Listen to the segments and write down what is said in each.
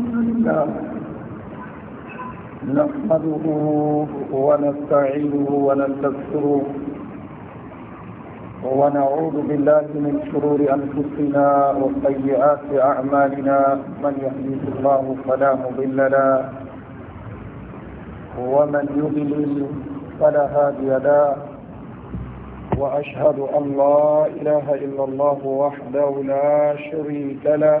الحمد لله نحمده ونستعينه ونستغفره ونعوذ بالله من شرور أنفسنا وسيئات أعمالنا من يهديه الله فلا مضل له ومن يضلل فلا هادي له وأشهد أن لا إله إلا الله وحده لا شريك له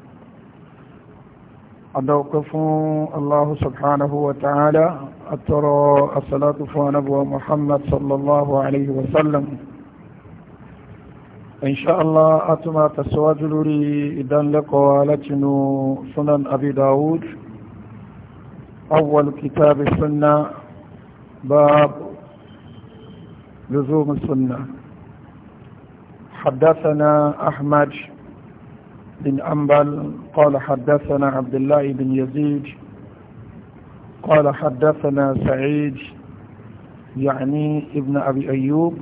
أدوقف الله سبحانه وتعالى أترى الصلاة فنبوة محمد صلى الله عليه وسلم إن شاء الله أتما تسواجلوري إدان لقوا لتنو سنن أبي داود أول كتاب السنة باب لزوم السنة حدثنا أحمد بن أنبل قال حدثنا عبد الله بن يزيد قال حدثنا سعيد يعني ابن أبي أيوب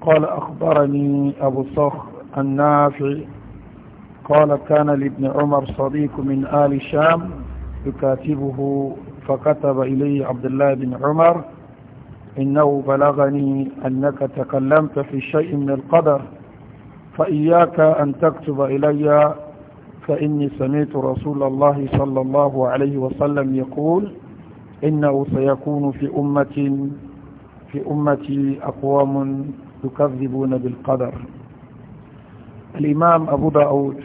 قال أخبرني أبو صخ النافع قال كان لابن عمر صديق من آل شام يكاتبه فكتب إليه عبد الله بن عمر إنه بلغني أنك تكلمت في شيء من القدر فإياك أن تكتب إلي فإني سمعت رسول الله صلى الله عليه وسلم يقول إنه سيكون في أمة في أمتي أقوام يكذبون بالقدر الإمام أبو داود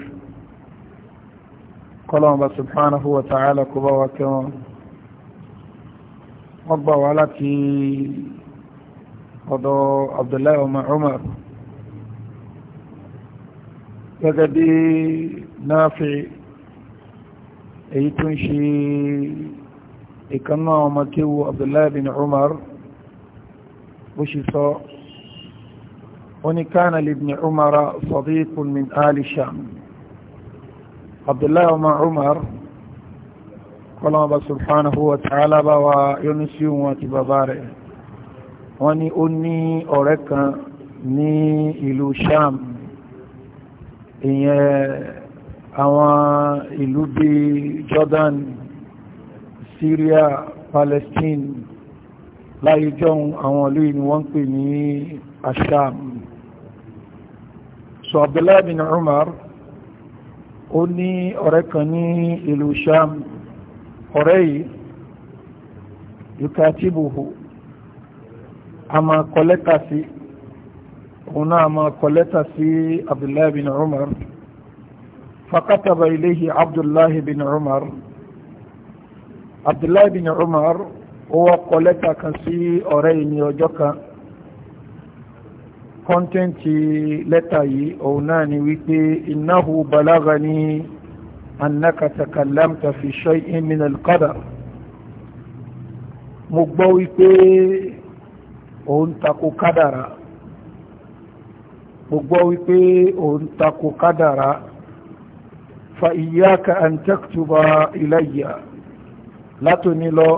قال الله سبحانه وتعالى كبا وكما ربا ولكي قضى عبد الله وما عمر gẹ́gẹ́ bí náàfi èyí tún ṣe ìkanná ọmọ kéwú abdullahi bin umar bó ṣe sọ oníkánà libni umara sadiqun min ali sham abdullahi ọmọ umar kọlọ́mọba subhanahu wa ta'ala bá wa yọ́nusí wọn àti bàbá rẹ̀ wọ́n ní ó ní ọ̀rẹ́ kan ní ìlú sham ìyẹn àwọn ìlú bí Jordan Syria Palestine láyé jọun àwọn ìlú ni wọ́n pè ní asham so Abdullahi bin Umar ó ní ọ̀rẹ́ kan ní ìlú sham ọ̀rẹ́ yìí yukatibuhu a máa kọ sí òun náà máa kọ lẹ́tà sí abdullahi bin umar fakataba ilayhi abdullahi bin umar abdullahi bin umar ó wá kọ lẹ́tà kan sí ọ̀rẹ́ yìí ní ọjọ́ kan kọ́ńtẹ́ǹtì lẹ́tà yìí òun náà ni wípé innahu balagani annaka takallamta fi shay'in min al-qadar mo gbọ́ wípé òun tako kádàrà mo gbọ́ wípé òun tako kádàrá fa iyyaka an taktuba ilayya látòní lọ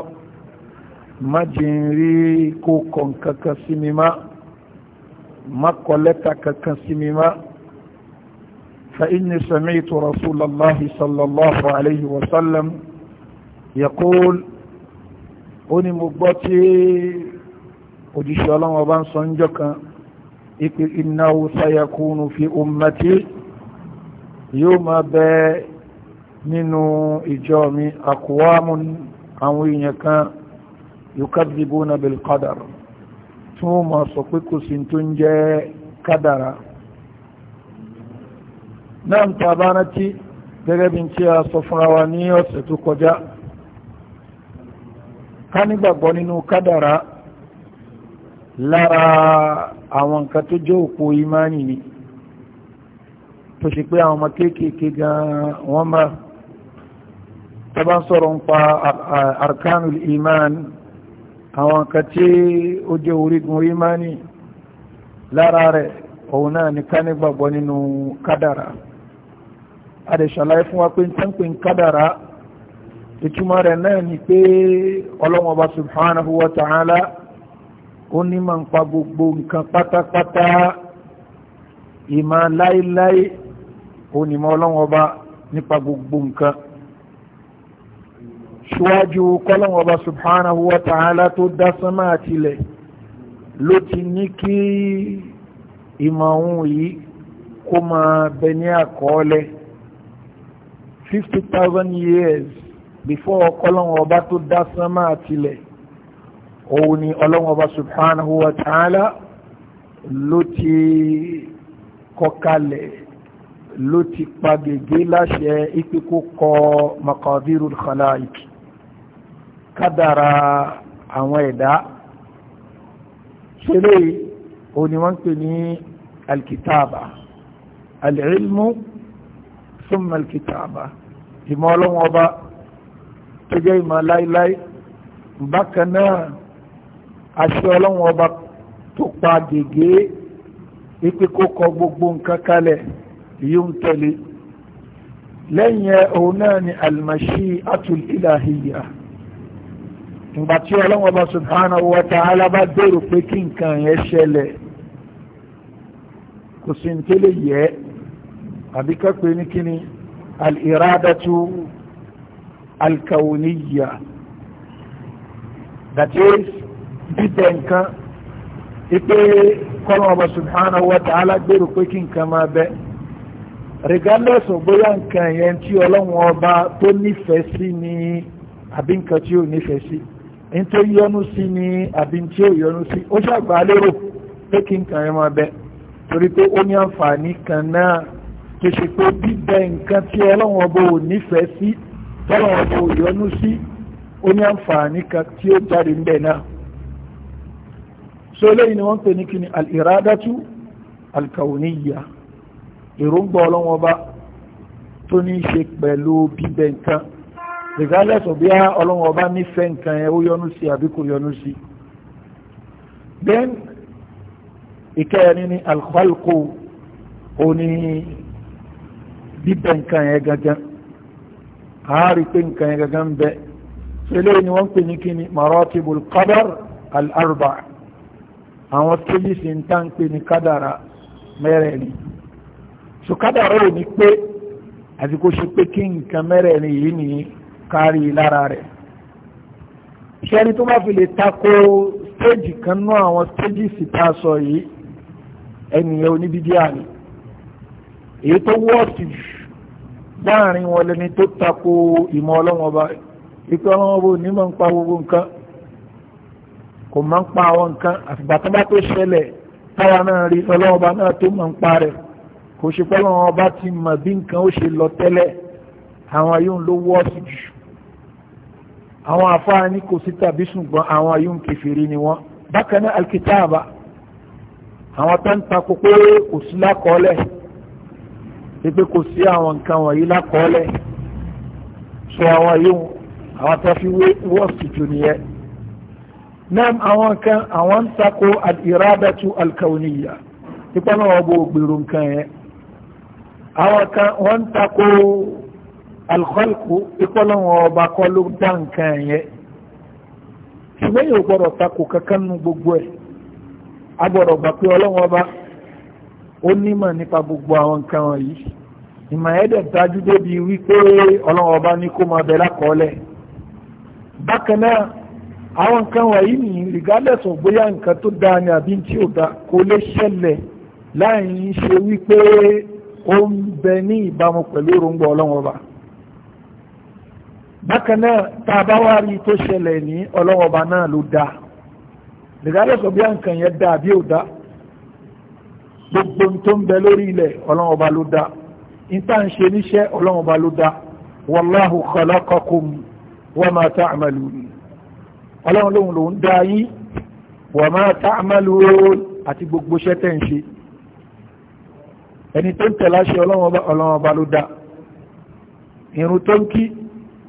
má jìn rí kó kàn kankan sí mi má má kọ lẹ́tà kankan sí mi má fa inni sami'tu rasulallahi sallallahu alayhi wa sallam yaqul ó ní mo gbọ́ tí òjíṣẹ́ ọlọ́wọ́ bá ń sọ ń jọ kan ipe innahu sayakunu fi ummati yóò máa bẹ nínú ìjọ mi aqwamun àwọn èèyàn kan yukadhibuna bil qadar tí wọ́n máa sọ pé kò sí tó ń jẹ́ kádàrá náà ń tàbá rántí gẹ́gẹ́ bí tí a sọ fúnra wa ní ọ̀sẹ̀ tó kọjá ká nígbàgbọ́ nínú kádàrá lára àwọn nǹkan tó jẹ́ òpó imani ni tó ṣe pé àwọn ọmọ kéékèèké gan wọ́n mọ́ tọ́bá sọ̀rọ̀ ń pa arkanul iman àwọn nǹkan tí ó jẹ́ orígun imani lára rẹ̀ òun náà ni ká nígbàgbọ́ nínú kádàrá a lè ṣàlàyé fún wa pé ń tán pé ń kádàrá ìtumọ̀ rẹ̀ náà ni pé ọlọ́wọ́n ọba subhanahu wa ta'ala ó ní máa ń pa gbogbo nǹkan pátápátá ìmọ̀ láíláí onímọ̀ ọlọ́wọ́n ọba nípa gbogbo nǹkan ṣíwájú kọ́lọ́wọ́n ọba subhanahu wa ta'ala tó dá sánmà àtilẹ̀ ló ti ní kí ìmọ̀ ohun yìí kó máa bẹ ní àkọọ́lẹ̀ fifty thousand years before kọ́lọ́wọ́n ọba tó dá sánmà àtilẹ̀ òun ni ọlọ́wọ́n ọba subhanahu wa ta'ala ló ti kọkalẹ̀ ló ti pa gègé láṣẹ ìpínkó kọ makadirul khalaik kádàrà àwọn ẹ̀dá ṣeré òun ni wọ́n ń pè ní alkitaba alilmu thumma alkitaba ìmọ̀ ọlọ́wọ́n ọba tó ìmọ̀ láíláí bákan àṣẹ ọlọ́run ọba tó pa gègé wípé kó kọ gbogbo nǹkan kalẹ̀ yóò ń tẹ̀lé lẹ́yìn òun náà ni almashi atul ilahiya ìgbà tí ọlọ́run ọba subhanahu wa ta'ala bá dèrò pé kí nǹkan yẹn ṣẹlẹ̀ kò sí ní tẹ́lẹ̀ yẹ àbí kápẹ́ ní kíni al-iradatu al-kawniyya that is bíbẹ̀ nkan ipe kọ́lọ́n ọba subhanahu wa ta'ala gbèrò pé kí nǹkan máa bẹ regardless of bóyá nǹkan yẹn ọba tó nífẹ̀ẹ́ sí ni àbí tí ò nífẹ̀ẹ́ sí yọnu sí tí ò yọnu sí ó ṣàgbà lérò yẹn kan náà pé bíbẹ tí ò nífẹ̀ẹ́ sí ò yọnu sí ó ní so eléyìí ni wọ́n pè ní kíni al-iradatu al-kauniyya èròǹgbà ọlọ́wọ́n ọba tó ní í ṣe pẹ̀lú bíbẹ̀ nǹkan regardless of bí ọlọ́wọ́n ọba nífẹ̀ẹ́ nǹkan ẹ̀ ó yọnu sí àbí kò yọnu sí then ìkẹyẹni ni al ó ní bíbẹ̀ nǹkan ẹ̀ gangan àárí pé nǹkan ẹ̀ gangan bẹ́ẹ̀ so ni wọ́n pè ní kíni maratibul qadar al-arba'a àwọn tébìsì ń táǹpé ní kádàrà mẹ́rẹ̀ẹ̀rin so kádàrà ò ní pé àti kó ṣe pé kí nǹkan mẹ́rẹ̀ẹ̀rin yìí ní kárí lára rẹ̀ ṣẹ́ni tó bá fi lè tako stéèjì kan nú àwọn stéèjìsì tá a sọ yìí ẹnìyẹn oníbídíà ni èyí tó wọ́ọ̀sì jù láàrin wọn lẹni tó tako ìmọ̀ ọlọ́wọ́n ọba ìpẹ́ ọlọ́wọ́n ọba ní mọ̀ ń pa gbogbo nǹkan kò máa ń pa àwọn nǹkan àfìgbà tó bá tó ṣẹlẹ̀ táwa náà rí ọlọ́ọba náà tó máa ń pa rẹ̀ kò ṣe pọ́lọ́wọ́n ọba ti mọ̀ bí nǹkan ó ṣe lọ tẹ́lẹ̀ àwọn yóò ló wọ́ sí jù àwọn afáà ní kò sí tàbí ṣùgbọ́n àwọn yóò kẹfìrí ni wọ́n bákan náà alkitaba àwọn tó ń takò pé kò sí lákọọ́lẹ̀ pé kò sí àwọn nǹkan wọ̀nyí lákọọ́lẹ̀ so àwọn yóò àwọn tó fi wọ́ sí jù nìyẹn náà àwọn kan àwọn ń takò al-iradatu al-kawniyya ipa náà wọ́n bó gbèrò nǹkan yẹn àwọn kan wọ́n ń takò al-khalqu ipa náà wọ́n bá kọ́ ló dá nǹkan yẹn ṣùgbọ́n yóò gbọ́dọ̀ takò kankan nu gbogbo ẹ̀ a gbọ́dọ̀ gbà pé ọlọ́wọ́n bá ó nímọ̀ nípa gbogbo àwọn nǹkan wọ̀nyí ìmọ̀ ẹ̀dẹ̀ dájú débi wípé ọlọ́wọ́n bá ní kó máa bẹ lákọọ́lẹ̀ bákan náà àwọn nǹkan wọ̀nyí ní regardless of bóyá nǹkan tó dáa ni àbí tí ò dáa kò lè ṣẹlẹ̀ láì ṣe wípé ó ń bẹ ní ìbámu pẹ̀lú òròǹgbà ọlọ́run ọba bákan náà tá a bá wá rí tó ṣẹlẹ̀ ní ọlọ́run ọba náà ló dáa regardless bóyá nǹkan yẹn dáa àbí ò dáa gbogbo tó ń bẹ lórí ilẹ̀ ọlọ́run ọba ló dáa ìta ń ṣe níṣẹ́ ọlọ́run ọba ló dáa wallahu khalaqakum wa ma ta'malun ọlọ́run lóhun lòun dá yín wa ma ta'malun àti gbogbo iṣẹ́ tẹ́ ń ṣe ẹni tó ń tẹ̀lá ṣe ọlọ́run ọba ló dá irun tó ń kí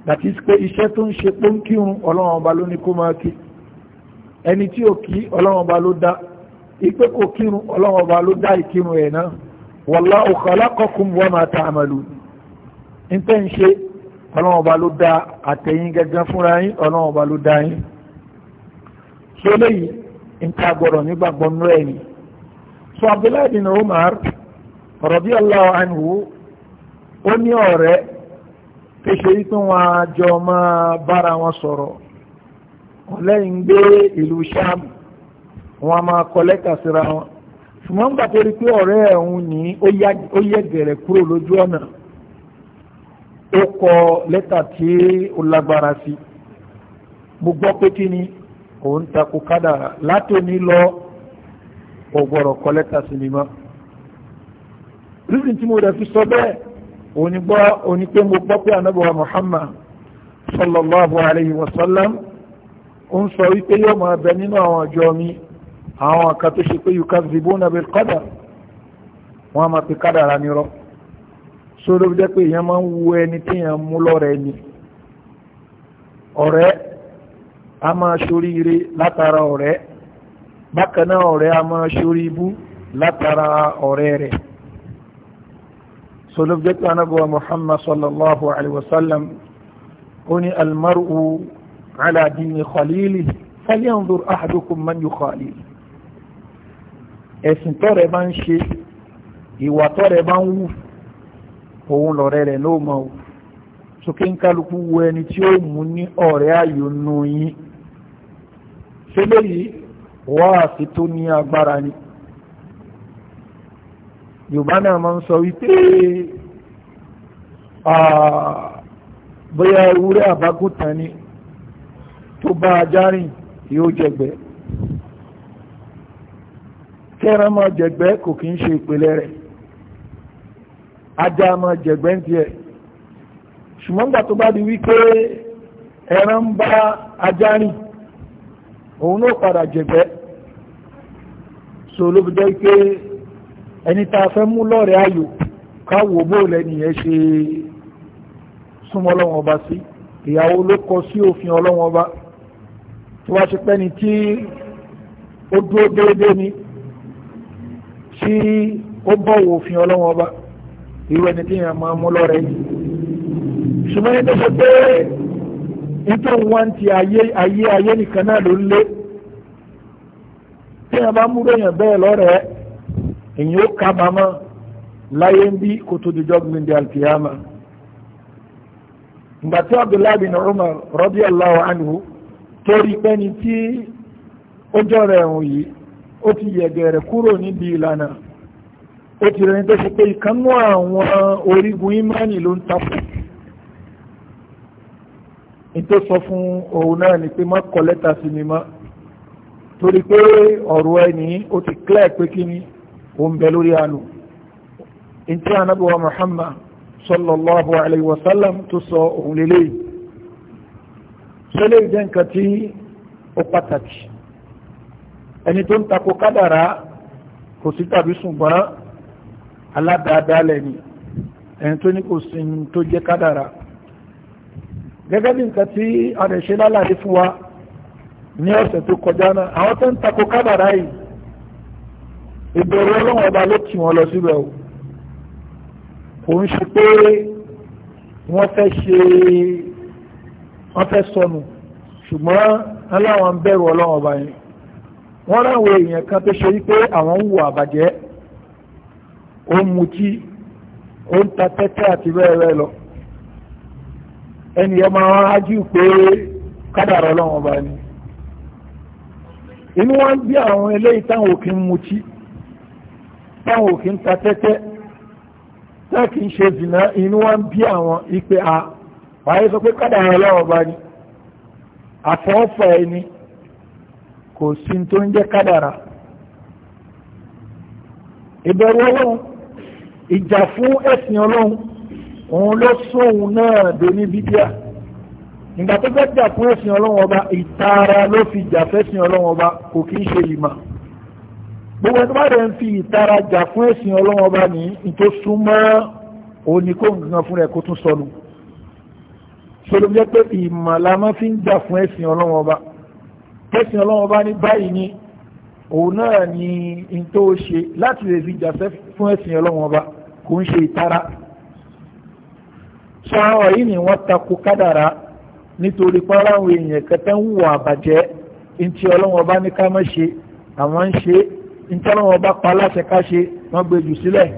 that pé iṣẹ́ tó ń ṣe pọ́ńkírun ọlọ́run ọba ló ní kó máa kí ẹni tí ò kí ọlọ́run ọba ló dá ipe kò kírun ọlọ́run ọba ló dá ìkírun ẹ̀ náà wallahu khalaqakum wa ma ta'malun ń tẹ́ ń ṣe ọlọ́run ọba ló dá àtẹ̀yìn gẹ́gẹ́ fúnra yín ọlọ́run ọba ló dá yín ṣe léyìí nta gbọ́dọ̀ nígbàgbọ́ nú ẹ̀ ni. sọ abdullahi bin umar radiyallahu anhu ó ní ọ̀rẹ́ tó ṣe wípé wọn àjọ máa bára wọn sọ̀rọ̀ ọlẹ́yìn gbé ìlú sham wọn a máa kọ lẹ́tà síra wọn ṣùgbọ́n nígbà tó rí pé ọ̀rẹ́ ẹ̀hún ní ó yẹ kúrò lójú ọ̀nà ó kọ lẹ́tà tí ó lágbára sí gbogbo pé kí ni kò ń takò kádàrà látòní lọ ọgbọ̀rọ̀ kọ́lẹ́tà sinimá rísìn tí mo rẹ̀ fi sọ bẹ́ẹ̀ òní gbọ́ òní pé mo gbọ́ pé anábọ̀wá Muhammad sallallahu alayhi wa sallam ó ń sọ wípé yóò máa bẹ nínú àwọn àjọ mi àwọn àka tó ṣe pé yukazibuna bil qadar wọn a máa pe kádàrà nírọ́ sódò bí jẹ́ pé èèyàn máa ń wu ẹni tí èèyàn mú lọ́rẹ̀ẹ́ ni ọ̀rẹ́ a máa ṣoríire látara ọ̀rẹ́ bákan náà ọ̀rẹ́ a máa ṣorí ibú látara ọ̀rẹ́ rẹ̀ sọlọ́bjẹ́tì anábọ̀wá muhammad sallallahu alayhi wa sallam ó ní almaru ala dini khalili falyanzur ahadukum man yukhalil ẹ̀sìn tọ́rẹ̀ bá ń ṣe ìwà tọ́rẹ̀ bá ń wù òun lọ̀rẹ́ rẹ̀ ló mọ̀ ò sókè ń kálukú wo ẹni tí ó mú ní ọ̀rẹ́ àyò nù yín sílẹ̀ yìí wáàsí tó ní agbára ni yorùbá náà máa ń sọ wípé bóyá ewúrẹ́ àbágùntàn ni tó bá ajá rìn yóò jẹgbẹ́ kẹran máa jẹgbẹ́ kò kí ń ṣe ìpìlẹ̀ rẹ̀ ajá máa jẹgbẹ́ ti ṣùgbọ́n gbà tó di wípé ẹran bá ajá òun ló padà jẹ̀bẹ́ so ló fi jẹ́ pé ẹni tá a fẹ́ mú lọ́rẹ̀ ayò káwò bó lẹ́nìyẹn ṣe súnmọ́ ọlọ́wọ́n ọba sí ìyàwó ló kọ sí òfin ọlọ́wọ́n ọba tó wá ṣe pẹ́ni tí ó dúró déédéé ni tí ó bọ̀wọ̀ òfin ọlọ́wọ́n ọba irú tí yẹn máa mú lọ́rẹ̀ yìí ṣùgbọ́n ẹni tó ṣe pé nítorí òun wá aye ti ayé ayé ayé nìkan náà ló ń lé téèyàn bá múrò èèyàn bẹ́ẹ̀ lọ́rẹ̀ẹ́ èèyàn ó kábàámọ̀ láyé ń bí kó tó dijọ́ gbìndé alkiyama ngbàtí abdullahi bin umar radiyallahu anhu torí pẹ́ni tí ó jọ̀rọ̀ ẹ̀hún yìí ó ti yẹ̀gẹ̀rẹ̀ ti imani ìtò sọ fún òun náà ni pé má kọ lẹ́tà sí mi mọ́ torí pé ọ̀rọ̀ ẹni ó ti clear pé kí ni òun bẹ lórí àánú ìtí anábíwá Muhammad sallallahu alayhi wa sallam tó sọ òun lélẹ́yìí sọlẹ́ jẹ́ nǹkan tí ó pàtàkì ẹni tó ń takò kádàrá kò sí tàbí ṣùgbọ́n aládàádálẹ̀ ni ẹni tó ní kò sí tó jẹ́ kádàrá gẹ́gẹ́ bí nǹkan tí a rẹ̀ ṣe lálàyé fún wa ní ọ̀sẹ̀ tó kọjá náà àwọn tó ń takò kádàrá yìí ìbẹ̀rù ọlọ́run ọba ló tì wọ́n lọ síbẹ̀ o kò ń ṣe pé wọ́n fẹ́ ṣe wọ́n fẹ́ sọnù ṣùgbọ́n aláwọn bẹ̀rù ọlọ́run ọba yẹn wọ́n ráwọn èèyàn kan tó ṣe wípé àwọn ń wo àbàjẹ́ ó ń mutí ó ń ta tẹ́tẹ́ àti bẹ́ẹ̀ bẹ́ẹ̀ lọ ẹni ọmọ wọn ájú pé kádàrá ọlọ́run ọba ni inú wọn bí àwọn eléyìí táwọn òkè ń mutí táwọn òkè ń ta tẹ́tẹ́ táà kì í ṣe zìnà inú wọn bí àwọn ipe a wáyé sọ pé kádàrá ọlọ́run ọba ni àfọwọ́fọ ẹni kò sí tó ń jẹ́ kádàrá ìbẹ̀rù ọlọ́run ìjà fún ẹ̀sìn ọlọ́run òun ló sóhun náà doni bíbíà ìgbà tó fẹ́ jà fún ẹ̀sìn ọlọ́wọ́n ọba ìtara ló fi jà fẹ́sìn ọlọ́wọ́n ọba kò kí ń ṣe ìmọ̀ gbogbo ẹni bá rẹ̀ ń fi ìtara jà fún ẹ̀sìn ọlọ́wọ́n ọba ní ìtò súnmọ́ òní kó nǹkan fún rẹ̀ kó tún sọnù sọlọ jẹ́ pé ìmọ̀ la máa fi ń jà fún ẹ̀sìn ọlọ́wọ́n ọba ẹ̀sìn ọlọ́wọ́n ọba ní báyìí ni òun náà ni ìtò ṣe láti lè fi jà fún ẹ̀sìn ọlọ́wọ́n ọba kò ń ṣe ìtara sọ àwọn yìí ni wọ́n takò kádàrá nítorí pé aláwọ̀ èèyàn kẹta ń wù àbàjẹ́ ntí ọlọ́wọ́n bá ní ká má ṣe àwọn ń ṣe ntí ọlọ́wọ́n bá pa aláṣẹ ká ṣe wọ́n gbé jù sílẹ̀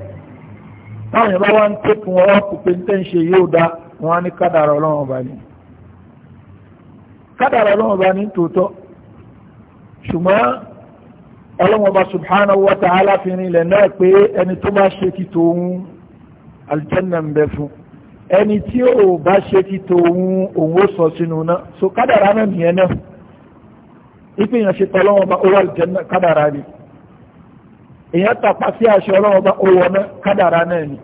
táwọn yẹn bá wá ń tẹ́kù wọn wá kó pé ntẹ́ yóò da wọn á ní kádàrá ọlọ́wọ́n bá ní. kádàrá ọlọ́wọ́n bá ní tòótọ́ ṣùgbọ́n ọlọ́wọ́n bá subhanahu wa ta'ala fi rinlẹ̀ náà pé ẹni tó bá ṣe ti tòun ẹni tí ò bá ṣe ti tó ohun òun ó sọ sínú náà so kádàrá náà nìyẹn náà ipe èèyàn ṣe tọ́lọ́wọ́n bá owó àlùjànnà kádàrá ni èèyàn tàpá sí àṣẹ ọlọ́wọ́n bá owó náà kádàrá náà ni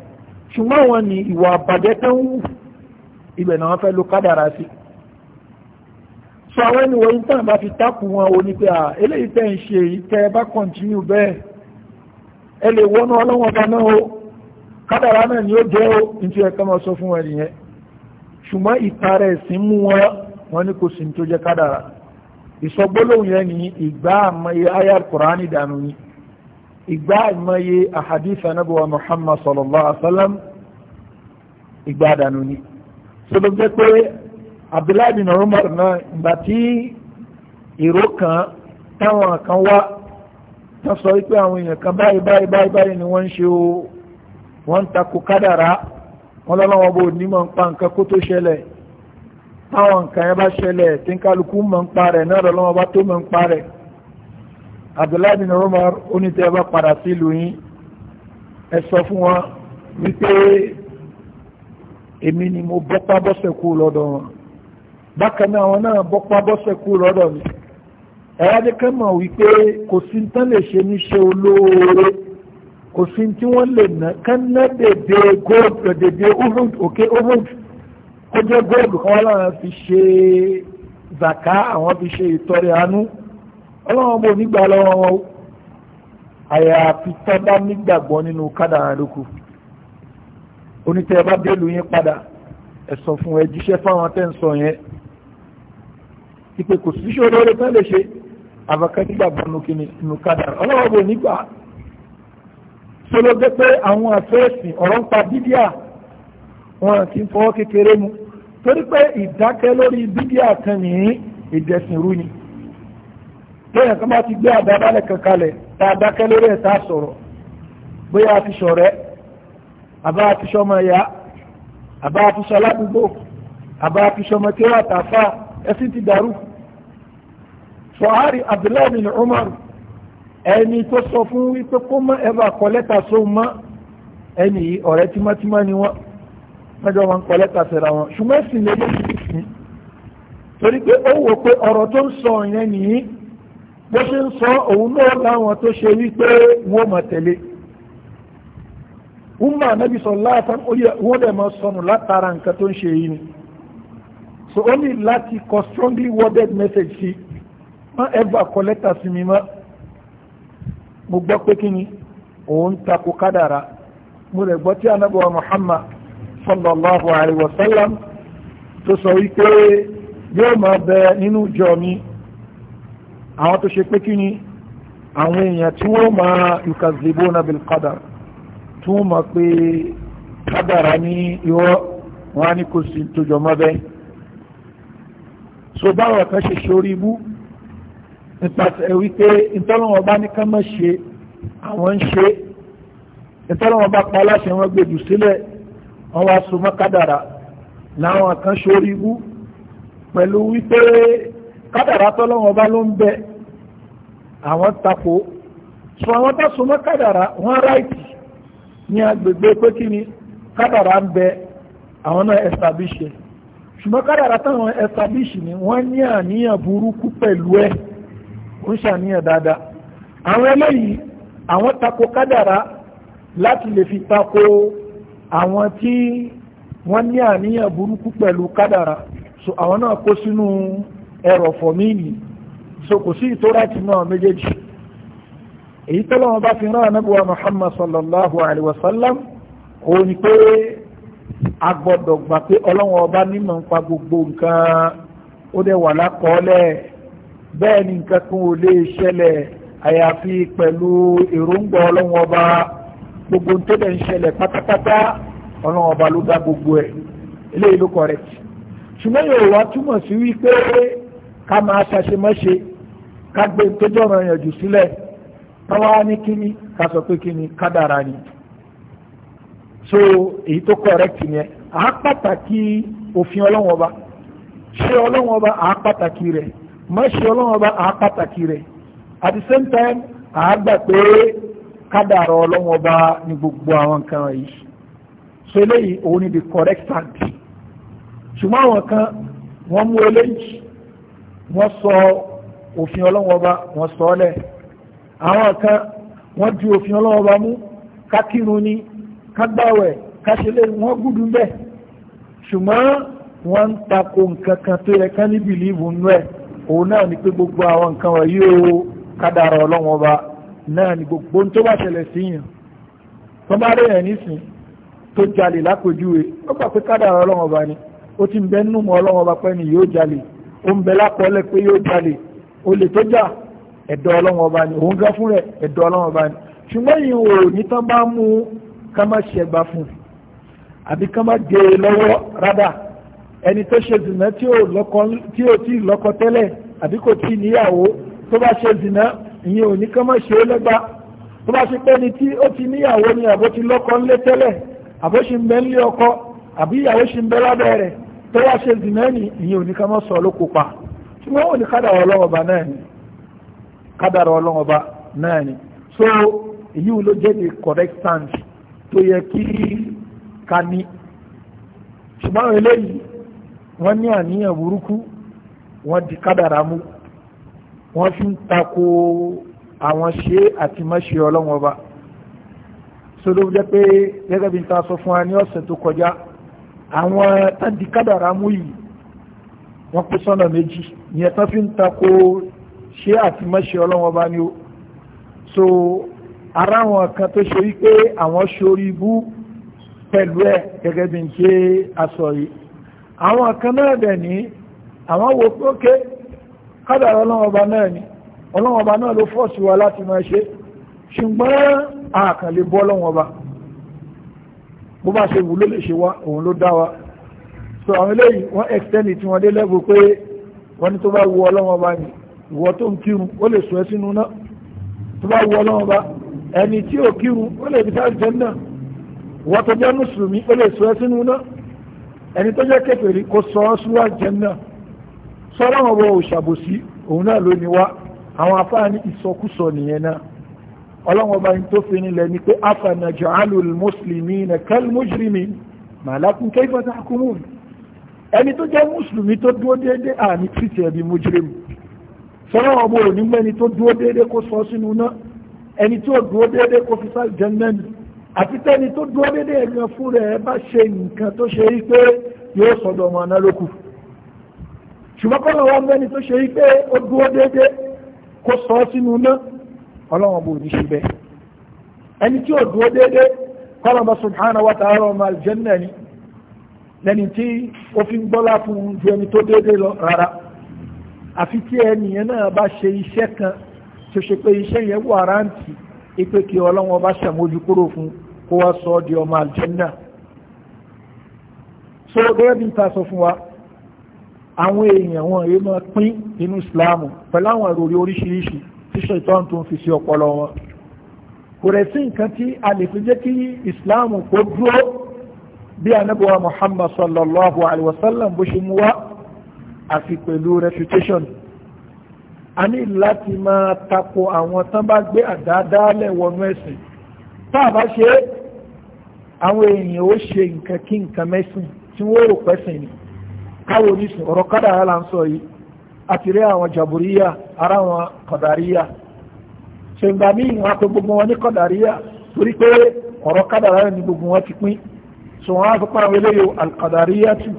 ṣùgbọ́n àwọn ni ìwà àbàjẹ́ tó ń wù ibẹ̀ náà wọ́n fẹ́ lo kádàrá sí so àwọn ẹni wọ̀nyí tán bá fi tákù wọn o ní pé à eléyìí tẹ́ ń ṣe èyí tẹ́ bá kọ̀ǹtínú bẹ́ẹ̀ ẹ lè wọ́nú ọlọ́wọ́n bá náà o kádàrá náà ni ó jẹ́ ó nítorí ẹ̀ka máa sọ fún wọn nìyẹn ṣùgbọ́n ìtara ẹ̀sìn mú wọn wọn ní kò sí ní tó jẹ́ kádàrá ìsọgbólóhùn yẹn ní ìgbà àmọye ayar Qurani dànù ni ìgbà àmọye ahadith anabuwa muhammad sallallahu alaihi wa sallam ìgbà dànù ni sọlọ jẹ́ pé abdullahi bin umar náà ìgbà tí ìró kan táwọn kan wá tán sọ wípé àwọn èèyàn kan báyìí báyìí báyìí ni wọ́n ń ṣe o wọ́n ń takò kádàrá wọ́n lọ́lọ́wọ́ bó nímọ̀ ń pa nǹkan kó tó ṣẹlẹ̀ táwọn nǹkan yẹn bá ṣẹlẹ̀ tí ń kálukú mọ̀ ń pa rẹ̀ náà lọ́lọ́wọ́ bá tó mọ̀ ń rẹ̀ Abdullahi bin Umar onítẹ̀ bá padà sí ìlú yín ẹ sọ fún wọn wípé èmi ni mo bọ́pá bọ́sẹ̀ kú lọ́dọ̀ wọn bákan náà àwọn náà bọ́pá bọ́sẹ̀ kú lọ́dọ̀ mi ẹ̀rọ adékẹ́ mọ̀ wípé kò sí tán lè ṣe níṣẹ́ olóore kò sí tí wọ́n lè ná kánná dèdè gold dèdè uhud òkè uhud kó jẹ́ gold kan láwọn fi ṣe zaka àwọn fi ṣe ìtọrẹ àánú ọlọ́wọ́n bò nígbà lọ́wọ́ wọn o àyàfi tán bá nígbàgbọ́ nínú kádàrá lóko onítẹ̀ bá bẹ́ẹ̀lù yín padà ẹ̀sọ̀ fún ẹ jíṣẹ́ fáwọn tẹ́ ń sọ yẹn ìpè kò sí ṣòro rẹ̀ tán lè ṣe àbàkà nígbàgbọ́ nínú kádàrá ọlọ́wọ́n bò nígbà tó ló jẹ́ pé àwọn àfẹ́ẹ̀sì ọ̀rọ̀ ń pa bídíà wọn kì í fọwọ́ kékeré mu torí pé ìdákẹ́ lórí bídíà kan ní ìdẹ̀sìnrú ni lẹ́yìn kan bá ti gbé àdábálẹ̀ kankalẹ̀ tá a dákẹ́ lórí ẹ̀ tá a sọ̀rọ̀ bóyá a ti ṣọ̀rẹ́ àbá a ti ṣọmọ ẹ̀yà àbá a ti ṣọ aládùúgbò àbá a ti ṣọmọ kí wọ́n àtàfà ẹ̀sìn ti dàrú. fọ̀hárì Abdullahi bin Umar ẹni tó sọ fún wípé kó mọ́ ẹbà kọ lẹ́tà só mọ́ ẹni ọ̀rẹ́ tímátímá ni wọ́n mẹ́jọ wọn kọ lẹ́tà síra wọn ṣùgbọ́n sì lè lóṣìṣì torí pé ó wò pé ọ̀rọ̀ tó ń sọ yẹn nìyí bó ṣe ń sọ òun náà láwọn tó ṣe wípé wọ́n mọ̀ tẹ̀lé umma anabi sọ láàtàn wọ́n dẹ̀ mọ́ sọnù látara nǹkan tó ń ṣe yìí ni so ó ní láti kọ strongly worded message sí mọ́ ẹbà kọ lẹ́tà sí mi mọ́ mo gbọ́ pé kí ni òun takò kádàrá mo lè gbọ́ tí anábọ̀ Muhammad sallallahu alaihi wa sallam tó sọ wípé yóò máa bẹ nínú ìjọ mi àwọn tó ṣe pé kí ni àwọn èèyàn tí wọ́n máa yukazibuna bil qadar tí wọ́n máa pé kádàrá ní irọ́ wọn á ní kò sí tó jọ mọ́ bẹ́ẹ̀ so báwọn kan ṣe ṣe orí ibú nípasẹ̀ wípé ìtọ́lọ́wọ́n bá ní ká má ṣe àwọn ń ṣe ìtọ́lọ́wọ́n bá pa aláṣẹ wọn gbèjù sílẹ̀ wọn wá so mọ́ kádàrà láwọn kan ṣorí wú pẹ̀lú wípé kádàrà tọ́lọ́wọ́n bá ló ń bẹ àwọn tako so àwọn tá so mọ́ kádàrà wọn ráìtì ní agbègbè pé kí ni kádàrà ń bẹ àwọn náà ẹ̀sàbíṣe ṣùgbọ́n kádàrà táwọn ẹ̀sàbíṣe ni wọ́n ní àníyàn burúkú pẹ̀lú ẹ̀ ń ṣàníyàn dáadáa àwọn eléyìí àwọn tako kádàrá láti lè fi tako àwọn tí wọ́n ní àníyàn burúkú pẹ̀lú kádàrá so àwọn náà kó sínú ẹ̀rọ fọ̀míìnì so kò sí ìtọ́ra ti náà méjèèjì èyí tó lọ́wọ́ bá fi rán anábíwá Muhammad sallallahu alaihi wasallam òun ni pé a gbọ́dọ̀ gbà pé ọlọ́wọ́ ọba nímọ̀ nípa gbogbo nǹkan ó dẹ̀ wà lákọọ́lẹ̀ bẹ́ẹ̀ ni ò lè ṣẹlẹ̀ àyàfi pẹ̀lú èròǹgbà ọlọ́wọ́n gbogbo tó dẹ̀ ṣẹlẹ̀ pátápátá ọlọ́wọ́n ọba ló dá gbogbo ẹ̀ eléyìí ló correct ṣùgbọ́n yóò wá túmọ̀ sí wípé ká máa ṣàṣemáṣe ká gbé tó jọ̀rọ̀ yàn jù sílẹ̀ táwa ní kíní ká sọ pé kíní ni so èyí tó correct yẹn pàtàkì òfin ọlọ́wọ́n ọba ṣé ọlọ́wọ́n pàtàkì rẹ̀ má ṣe ọlọ́run ọba pàtàkì rẹ̀ at the same time àá gbà pé kádàrá ọlọ́run ọba ní gbogbo àwọn nǹkan yìí so eléyìí òun ni the correct stand ṣùgbọ́n àwọn kan wọ́n mú eléyìí wọ́n sọ òfin ọlọ́run ọba wọ́n sọ ọ́ lẹ̀ àwọn kan wọ́n ju òfin ọlọ́run ọba mú ká ni ká gbàwẹ̀ wọ́n gùdù ń ṣùgbọ́n wọ́n ń tako nǹkan kan tó yẹ ká ní bìlíìfù nú ẹ̀ òun náà ni pé gbogbo àwọn nǹkan wọ̀nyí o kádàrà ọlọ́wọ́n ọba náà ni gbogbo tó bá ṣẹlẹ̀ sí yàn tó bá rí yàn nísìn tó jalè lápòjúwe ó gbà pé kádàrà ọlọ́wọ́n ọba ni ó ti ń bẹ nínú mọ́ ọlọ́wọ́n ọba pẹ́ ni yóò jalè ó ń bẹ lápọ̀ọ́lẹ̀ pé yóò jalè olè tó jà ẹ̀dọ́ ọlọ́wọ́n ọba ni òun gán fún rẹ̀ ẹ̀dọ́ ọlọ́wọ́n ọba ni ṣùgbọ́n yìí ò ní tán bá mú ká ṣẹgbà fún àbí ká má e lọ́wọ́ rádà ẹni tó ṣe zìnà tí ò tí lọ́kọ tẹ́lẹ̀ àbí kò tí níyàwó tó bá ṣe zìnà ìyẹn ò ní kán mọ́ ṣe é lẹ́gbà tó bá ṣe pé ni tí ni àbó ti lọ́kọ ńlé tẹ́lẹ̀ àbó ṣe ń bẹ ọkọ àbí ìyàwó ṣe ń bẹ lábẹ́ rẹ̀ tó bá ṣe zìnà ni ìyẹn ò ní sọ ló ò ní náà ni kádàrọ̀ ọlọ́wọ́ba náà ni so èyí ló jẹ́ the correct stand tó yẹ kí ká ní ṣùgbọ́n eléyìí wọ́n ní àníyàn burúkú wọ́n di kádàrá mú wọ́n fi ń tako àwọn ṣe àti mọ́ṣe ọlọ́wọ́n ọba so ló jẹ́ pé gẹ́gẹ́ bí n ta sọ fún wa ní ọ̀sẹ̀ tó kọjá àwọn tán di kádàrá mú yìí wọ́n kó sọ́nà méjì ìyẹn tán fi ń tako ṣe àti mọ́ṣe ọlọ́wọ́n ọba ni ó so ara wọn kan tó ṣe wípé àwọn ṣorí ibú pẹ̀lú ẹ̀ gẹ́gẹ́ bí n ṣe aṣọ yìí àwọn kan náà dẹ̀ ní àwọn wo ókè kádàrà ọlọ́wọ́ba náà ni ọlọ́wọ́ba náà ló fọ́ọ̀sì wa láti máa ṣe ṣùgbọ́n àkàlè bọ́ ọlọ́wọ́ba bó bá ṣe wù ló lè ṣe wá òun ló dá wa so àwọn eléyìí wọ́n extend tí wọ́n dé lẹ́gbò pé wọ́n ní tó bá wu ọlọ́wọ́ba ni ìwọ tó ń kírun ó lè sọ ẹ́ sínú náà tó bá wu ọlọ́wọ́ba ẹni tí ò kírun ó lè fi sáré jẹ́ náà wọ́n tó jẹ́ mùsùlùmí ó lè sọ ẹ́ sínú náà ẹni tó jẹ́ kèfèrí kó sọ ọ́ sí àlùjánnà sọ́rọ́ àwọn ọ̀wọ́ òṣàbòsí òun náà ló ní wá àwọn afáàní ìsọkúsọ nìyẹn náà ọlọ́run ọba yìí tó fi nílẹ̀ ni pé afanaj'alu al-muslimina kal-mujrimin ma lakum kayfa tahkumun ẹni tó jẹ́ mùsùlùmí tó dúró déédéé àmì tìtì ẹ̀bí mujrim sọ́rọ́ ọmọ òní mẹ́ni tó dúró déédéé kó sọ sínú náà ẹni tó dúró déédéé kó fi sá àlùjánnà ni àti tẹ́ni tó dúró dédé ẹ̀gbọ́n fún rẹ̀ bá ṣe nǹkan tó ṣe rí pé yóò sọ̀dọ̀ ọmọ náà lókù ṣùgbọ́n kọ́nà wọn mẹ́ni tó ṣe rí pé ó dúró dédé kó sọ ọ́ sínú iná ọlọ́wọ́n bò ní ṣe ẹni tí ò dúró dédé kọ́nà bá subhanahu wa ta'ala ọmọ aljanna ni lẹ́ni tí ó fi ń gbọ́lá fún ju ẹni tó dédé lọ rárá àfi tí ẹnìyẹn náà bá ṣe iṣẹ́ kan tó pé iṣẹ́ yẹn wà ráǹtì ipe kí ọlọ́wọ́n bá ṣàmójú kúrò fún kó wá sọ ọ́ di ọmọ àlùjànnà so gẹ́gẹ́ bí ta sọ fún wa àwọn èèyàn wọn èyí máa pín inú islam pẹ̀lú àwọn èrò oríṣiríṣi tí ṣètọ́n tó ń fi sí ọpọlọ wọn kò rẹ̀ sí nǹkan tí a lè fi jẹ́ kí islam kó dúró bí anábọ̀wá muhammad sallallahu alaihi wasallam bó ṣe mú wá àfi pẹ̀lú refutation a ní láti máa tako àwọn tán bá gbé àdáadáalẹ̀ wọnú ẹ̀sìn tá bá ṣe àwọn èèyàn ó ṣe nǹkan kí nǹkan mẹ́sìn tí wọ́n rò pẹ́sìn ni káwọn oníṣìn ọ̀rọ̀ kádàrá là ń sọ yìí àti rí àwọn jàbùríyà ara àwọn kọ̀dàríyà ṣèǹgbà míì wọn pe gbogbo wọn ní kọ̀dàríyà torí pé ọ̀rọ̀ ni gbogbo wọn ti pín wọn á fi pa àwọn alkọ̀dàríyà tù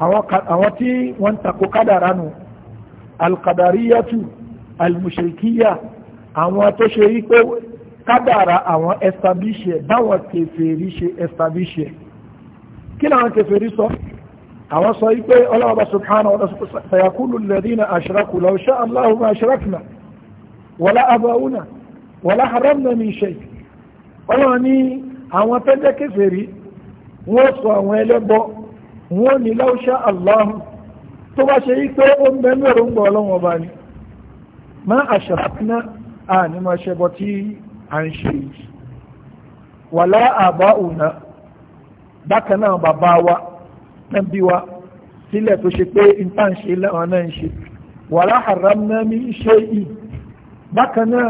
àwọn tí wọ́n ń tako alkadariyatu almushrikiya àwọn tó ṣe rí pé kádàrà àwọn ẹstabíṣẹ báwọn kèfèrí ṣe ẹstabíṣẹ kí làwọn kèfèrí sọ àwọn sọ wípé ọlọ́ọ̀bá subhanahu wa sayakulu alladhina ashraku law sha'a Allahu ma ashrakna wala abauna wala haramna min shay ọlọ́run ní àwọn tẹ́jẹ́ kèfèrí wọ́n sọ àwọn ẹlẹ́bọ wọ́n ní law sha'a tó bá ṣe yí pé ó ń bẹ mẹ́rọ ń gbọ́ ọlọ́run ọba ni má àṣàkúná àní máa ṣẹbọ tí à ń ṣe yìí wàlá àbá bákan náà bàbá wa náà bí wa sílẹ̀ tó ṣe pé nta ń ṣe lẹ́wọ̀n náà ń ṣe wàlá haram náà ní ṣe yìí bákan náà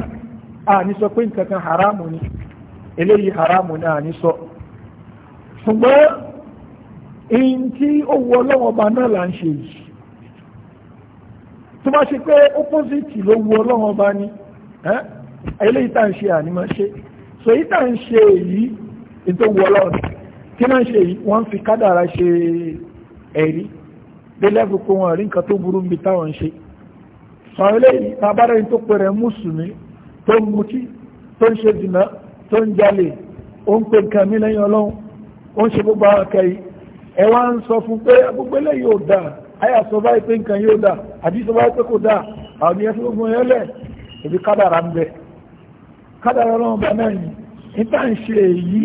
àní sọ pé nǹkan kan haramu ni eléyìí haramu ni àní sọ ṣùgbọ́n èyí tí tó bá ṣe pé opposite ló wu ọlọ́run ọba ni eléyìí tá ń ṣe àní máa ṣe so èyí tá ń ṣe èyí ètò wu ọlọ́run kí náà ṣe èyí wọ́n fi kádàrá ṣe ẹ̀rí délẹ́bù pé wọ́n rí nǹkan tó burú níbi táwọn ń ṣe sọ eléyìí tá a bá rẹ̀ tó pèrè mùsùlùmí tó ń mutí tó ń ṣe dìnnà tó ń jalè ó ń pe nǹkan mi lẹ́yìn ọlọ́run ó ń ṣe gbogbo àwọn akẹ́yìn ẹ̀ wá ń sọ fún pé gbogbo eléyìí ò dáa àyà sọ báyìí pé nǹkan yóò dà àbí sọ báyìí pé kò dà àwọn ènìyàn tó gbogbo yẹn lẹ̀ èbí kádàrà ń bẹ kádàrà náà bá náà yìí níta ń ṣe èyí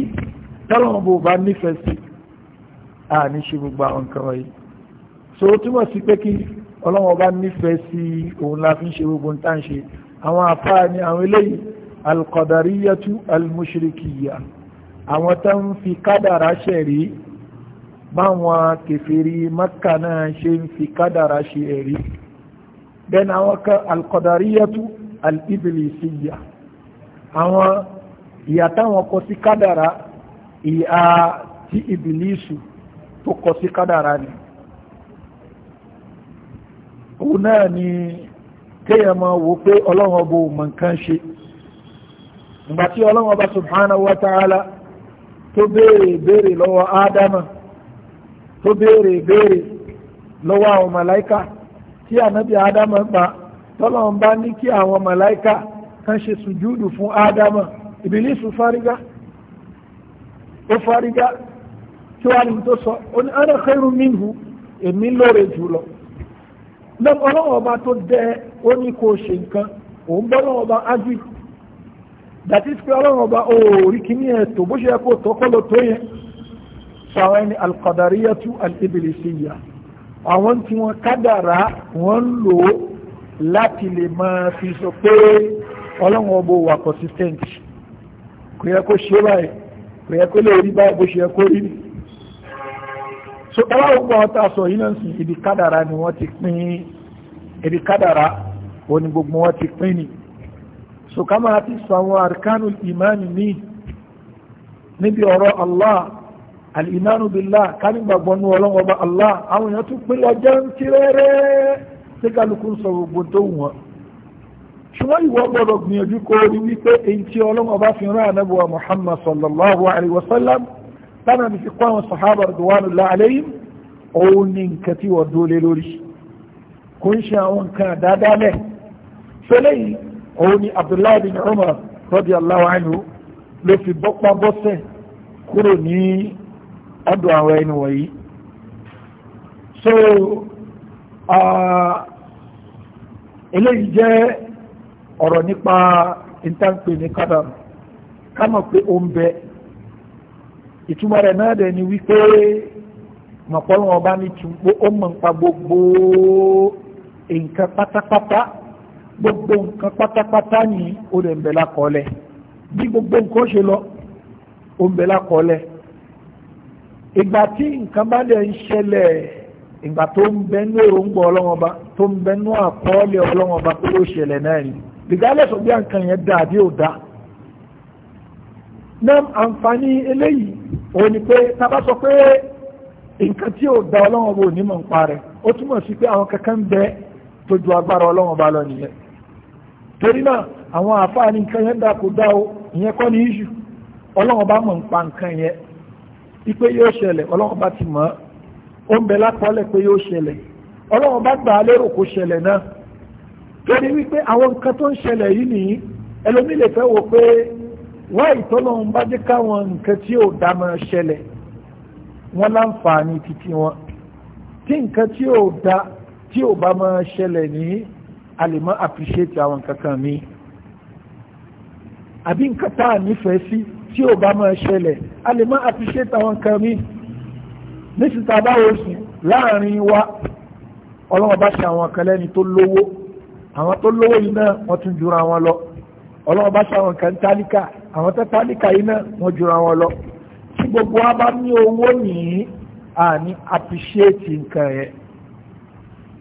tọ́lọ́mọ bò bá nífẹ̀ẹ́ sí àní ṣe gbogbo àwọn nǹkan wọ̀nyí so túmọ̀ sí pé kí ọlọ́wọ́ bá nífẹ̀ẹ́ sí òun la fi ń ṣe gbogbo níta ń ṣe àwọn àfáà ni àwọn eléyìí alqadariyatu almushrikiyya àwọn tó ń fi kádàrà ṣẹ̀rí báwọn kèfèrí Makka náà ṣe ń fi kádàrà ṣe ẹ̀rí bẹ́ẹ̀ni àwọn kan alkọ̀dàríyàtú al-iblisiyya àwọn ìyà táwọn kọ sí kádàrà ìyà tí ìbìlìsù tó kọ sí kádàrà ni òun náà ni kéèyàn máa wò pé ọlọ́run ọba ò nǹkan ṣe ìgbà tí ọlọ́run ọba subhanahu wa ta'ala tó béèrè béèrè lọ́wọ́ ádámà tó béèrè béèrè lọ́wọ́ àwọn màláìkà tí ànábì ádámà pa tọ́lọ́run bá ní kí àwọn kan ṣe sùjúdù fún ádámà ìbílísù fárígá ó fárígá tí ní tó sọ ó ní ana khairu minhu èmi lóore jùlọ lọ́pọ̀ ọlọ́wọ́ ọba tó dẹ ó ní kó ṣe nǹkan òun bọ́ lọ́wọ́ ọba ájú pé ọlọ́wọ́ bó sàwọn ẹni alqadariyatu alibilisiyya àwọn tí wọ́n kádàrá wọ́n ń lò láti lè máa fi sọ pé ọlọ́run ọbọ wà consistent kò yẹ kó ṣe báyìí kò yẹ kó lè rí báyìí bó ṣe yẹ kó rí so ẹwà gbogbo àwọn sọ yìí náà sì ibi kádàrá ni wọ́n ti pín ibi kádàrá wọn ni gbogbo wọn ti pín ni so ká máa ti sọ àwọn arkanu imani ní níbi ọ̀rọ̀ Allah alìmánu bílá kánígbàgbọ́ ní ọlọ́wọ́ bá Allah àwọn èèyàn tún pín lọ́jọ́ ń ti rẹ́rẹ́ tí kálukú ń sọ gbogbo tó wọ́n ṣùgbọ́n ìwọ gbọ́dọ̀ gbìyànjú kó rí wípé èyí tí ọlọ́wọ́ bá fi rán anábọ̀ Muhammad sallallahu alaihi wasallam lánàá ní fi kọ́ àwọn sahaba duwanu láàlẹ́yìn òun ní nǹkan tí wọ́n dólé lórí kò ń ṣe àwọn nǹkan dáadáa mẹ́ fẹ́lẹ́yìn òun ni Abdullahi bin Umar radiyallahu anhu ló fi bọ́pá bọ́sẹ̀ kúrò ní ọdọ̀ àwọn ẹni wọ̀nyí so uh, eléyìí jẹ́ ọ̀rọ̀ nípa ìtànpè ní kádàrù ká mọ̀ pé ó ń bẹ ìtumọ̀ rẹ̀ náà dẹ̀ ni wípé mọ̀pọ́lọ́ ọba ní tùgbó ó mọ̀ nípa gbogbo nǹkan pátápátá gbogbo nǹkan pátápátá ní ó dẹ̀ ń bẹ lákọọ́lẹ̀ bí gbogbo nǹkan ṣe lọ ó ń bẹ lákọọ́lẹ̀ ìgbà tí nǹkan bá dẹ̀ ń ṣẹlẹ̀ ìgbà tó ń bẹnú èròǹgbà ọlọ́wọ́ba tó ń bẹnú àkọọ́lẹ̀ ọlọ́wọ́ba tó ló ṣẹlẹ̀ náà rí ìgbàlẹ́sọ̀ bí nǹkan yẹn dà bí ò dá náà àǹfààní eléyìí òun ni pé tábà sọ pé nǹkan tí ò dá ọlọ́wọ́ba ò ní mọ̀ ń parẹ́ ó túmọ̀ sí pé àwọn kankan bẹ tó ju agbára ọlọ́wọ́ba lọ nìyẹn torí náà àwọn àfáà ní nǹkan yẹn dà kó dá o ìyẹn kọ́ ní iṣu ọlọ́wọ́ba mọ̀ ń pa nǹkan ipe yóò ṣẹlẹ̀ ọlọ́run bá ti mọ̀ ó ń bẹ lápọ́lẹ̀ pé yóò ṣẹlẹ̀ ọlọ́run bá gbà á lérò kó ṣẹlẹ̀ náà torí wípé àwọn nǹkan tó ń ṣẹlẹ̀ yìí nìyí ẹlòmíì lè fẹ́ wò pé wá ìtọ́lọ́run bá dé káwọn nǹkan tí ò dá máa ṣẹlẹ̀ wọ́n láǹfààní títí wọn tí nǹkan tí ò dá tí ò bá máa ṣẹlẹ̀ nìyí a lè má appreciate àwọn nǹkan kan àbí nǹkan tá à nífẹ̀ẹ́ sí tí ò bá máa ṣẹlẹ̀ a lè má appreciate àwọn nǹkan mi nísìta báwo sì láàrin wa ọlọ́wọ́ bá ṣe àwọn kan lẹ́ni tó lówó àwọn tó lówó yìí náà wọ́n tún jura wọn lọ ọlọ́wọ́ bá ṣe àwọn kan tálíkà àwọn tó tálíkà yìí náà wọ́n jura wọn lọ tí gbogbo wa bá ní owó nìyí a ní appreciate nǹkan yẹn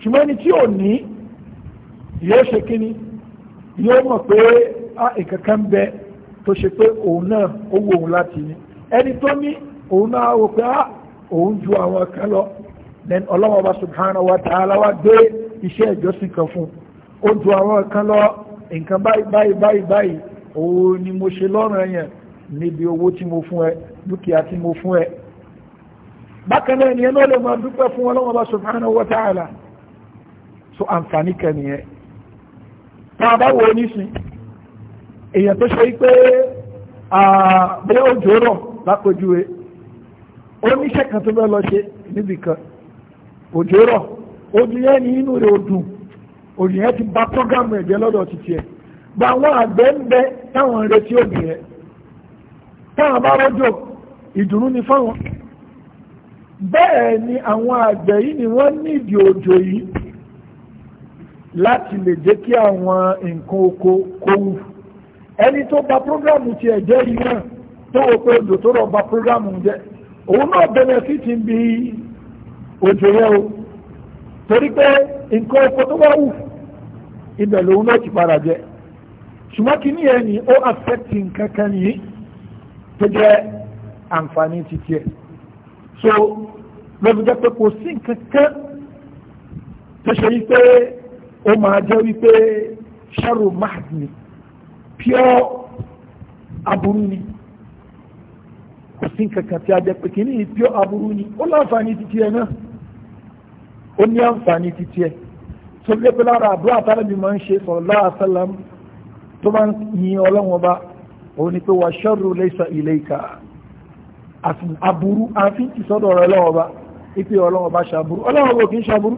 ṣùgbọ́n ẹni tí ò ní yóò ṣe kíni yóò mọ̀ pé ah, nǹkan kan bẹ́ẹ̀ tó ṣe pé òun náà ó wò òun láti ní ẹni tó ní òun náà wò pé á ah, òun ju àwọn kan lọ then ọlọ́wọ́ bá subhanahu wa ta'ala wá gbé iṣẹ́ ìjọsìn kan fún ó ju àwọn kan lọ nǹkan báyìí báyìí báyìí báyìí òun ni mo ṣe lọ́rùn yẹn níbi owó tí mo fún ẹ dúkìá tí mo fún ẹ bákan náà ènìyàn náà lè máa dúpẹ́ fún ọlọ́wọ́ bá subhanahu wa ta'ala so àǹfààní kan nìyẹn tá a bá wo onísìn èèyàn tó ṣe pé bẹ́ẹ̀ òjò rọ̀ lápòjúwe oníṣẹ́ kan tó bẹ́ lọ ṣe òjò rọ̀ ojú yẹn ní inú rẹ̀ odùn òjò ti ba prógámù ẹ̀jẹ̀ lọ́dọ̀ títí ẹ̀ gba àwọn àgbẹ̀ ń bẹ táwọn ń retí yẹn táwọn bá rọ́jò ìdùnnú ni fáwọn bẹ́ẹ̀ ni àwọn àgbẹ̀ yìí ni wọ́n nídìí òjò yìí láti lè jẹ́ kí àwọn nǹkan oko ẹni tó ba programu ti ẹ̀jẹ̀ yìí náà tó wò pé odò tó rọ̀ ba programu jẹ́ òun náà bẹnẹfìtì ń bi òjò yẹn o torí pé nǹkan oko tó bá wù ibẹ̀ lòun náà ti padà jẹ ṣùgbọ́n kí ni ẹ̀ ní ó àfẹ́tì nǹkan kan yìí tó jẹ́ àǹfààní títí ẹ̀ so lọ́bi jẹ́ pé kò sí nǹkan kan tó ṣe wípé ó máa jẹ́ wípé ṣàrò máàdì nìkan pure aburú ni kò sí kankan tí a jẹ pé kìíní yìí pure aburú ni ó láǹfààní títí ẹ náà ó ní àǹfààní títí ẹ tó lé pé lára àdúrà tálẹ́bí máa ń ṣe sallallahu alaihi tó bá ń yin ọlọ́wọ́n bá òun ni pé wà sharru laysa ilayka aburú àfi ti sọ́dọ̀ ọ̀rọ̀ ọlọ́wọ́n bá ipe ọlọ́wọ́n bá ṣàbúrú ọlọ́wọ́n bá kì í ṣàbúrú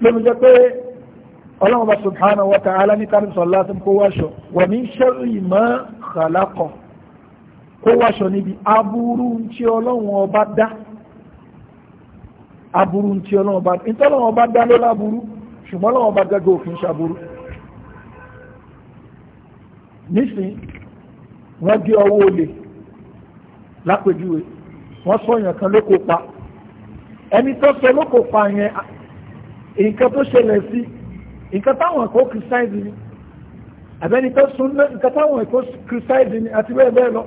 lómi jẹ́ pé ọlọ́run subhanahu wa ta'ala ní karim sọ̀lá tí kó wáṣọ wa min sharri ma khalaqa kó wáṣọ níbi aburú tí ọlọ́run ọba dá aburú tí ọlọ́run ọba dá ìtọ́lọ́run ọba dá ló láburú ṣùgbọ́n ọlọ́run ọba gẹ́gẹ́ òfin ṣaburú nísìn wọ́n gé ọwọ́ olè lápèjúwe wọ́n sọ èèyàn kan ló kópa ẹni tó sọ ló kópa yẹn nǹkan tó ṣẹlẹ̀ sí nǹkan táwọn ẹ̀kọ́ criticize ni àbẹ́ni tó sún náà nǹkan táwọn ẹ̀kọ́ criticize ni àti bẹ́ẹ̀ bẹ́ẹ̀ lọ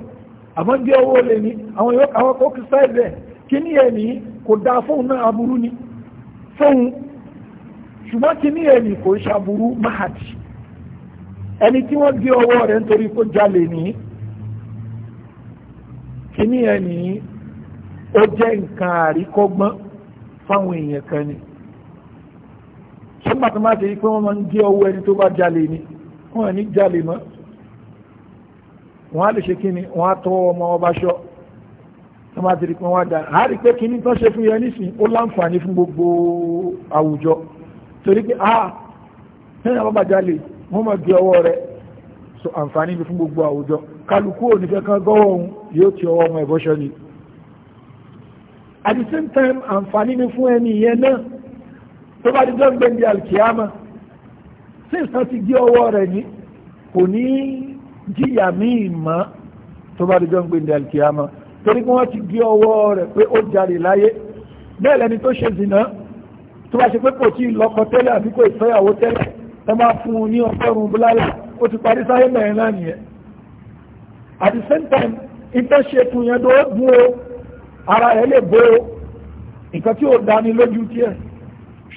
àmọ́ ń gé owó lè ní àwọn ẹ̀kọ́ criticize ẹ̀ kí ní ẹ̀ ní kò dáa fóun náà aburú ni fóun ṣùgbọ́n kí ní ẹ̀ ní kò ṣàbùrú mahati ẹni tí wọ́n gé ọwọ́ rẹ̀ nítorí kó jalè ní kí ní ẹ̀ ó jẹ́ nǹkan àríkọ́gbọ́n fáwọn èèyàn kan ni ṣùgbà tó máa ṣe yí pé wọ́n máa ń gé ọwọ́ ẹni tó bá jalè ni wọ́n ní jalè mọ́ wọ́n á lè ṣe kíni wọ́n á tọ́ ọmọ ọba ṣọ́ tó máa ti pé wọ́n á dà rí pé kíní tó ṣe fún yẹn nísìn ó láǹfààní fún gbogbo àwùjọ torí pé ah tẹ́yìn àbábà jalè wọ́n máa gé ọwọ́ rẹ̀ so àǹfààní fún gbogbo àwùjọ kálukú ò ní fẹ́ kán gọ́wọ́ òun yóò ti ọwọ́ ọmọ ẹ̀bọ́ṣọ́ ni at the same time àǹfààní fún ẹni yẹn náà tó bá di jọ́ gbẹ̀ndì alkiyama sí ìsàn ti gé ọwọ́ rẹ̀ ní kò ní jìyà míì mọ́ tó bá di jọ́ gbẹ̀ndì alkiyama torí pé wọ́n ti gé ọwọ́ rẹ̀ pé ó jalè láyé bẹ́ẹ̀ lẹni tó ṣe zìnà tó bá ṣe pé kò tí ì lọ́kọ tẹ́lẹ̀ àbí kò ìfẹ́yàwó tẹ́lẹ̀ ẹ máa fún un ní ọgọ́rùn-ún búláàlà ó ti parí sáyé mẹ́rin náà nìyẹn at the same time internship yẹn tó gún o ara rẹ̀ lè bó o nǹkan tí ò dání lójú tiẹ̀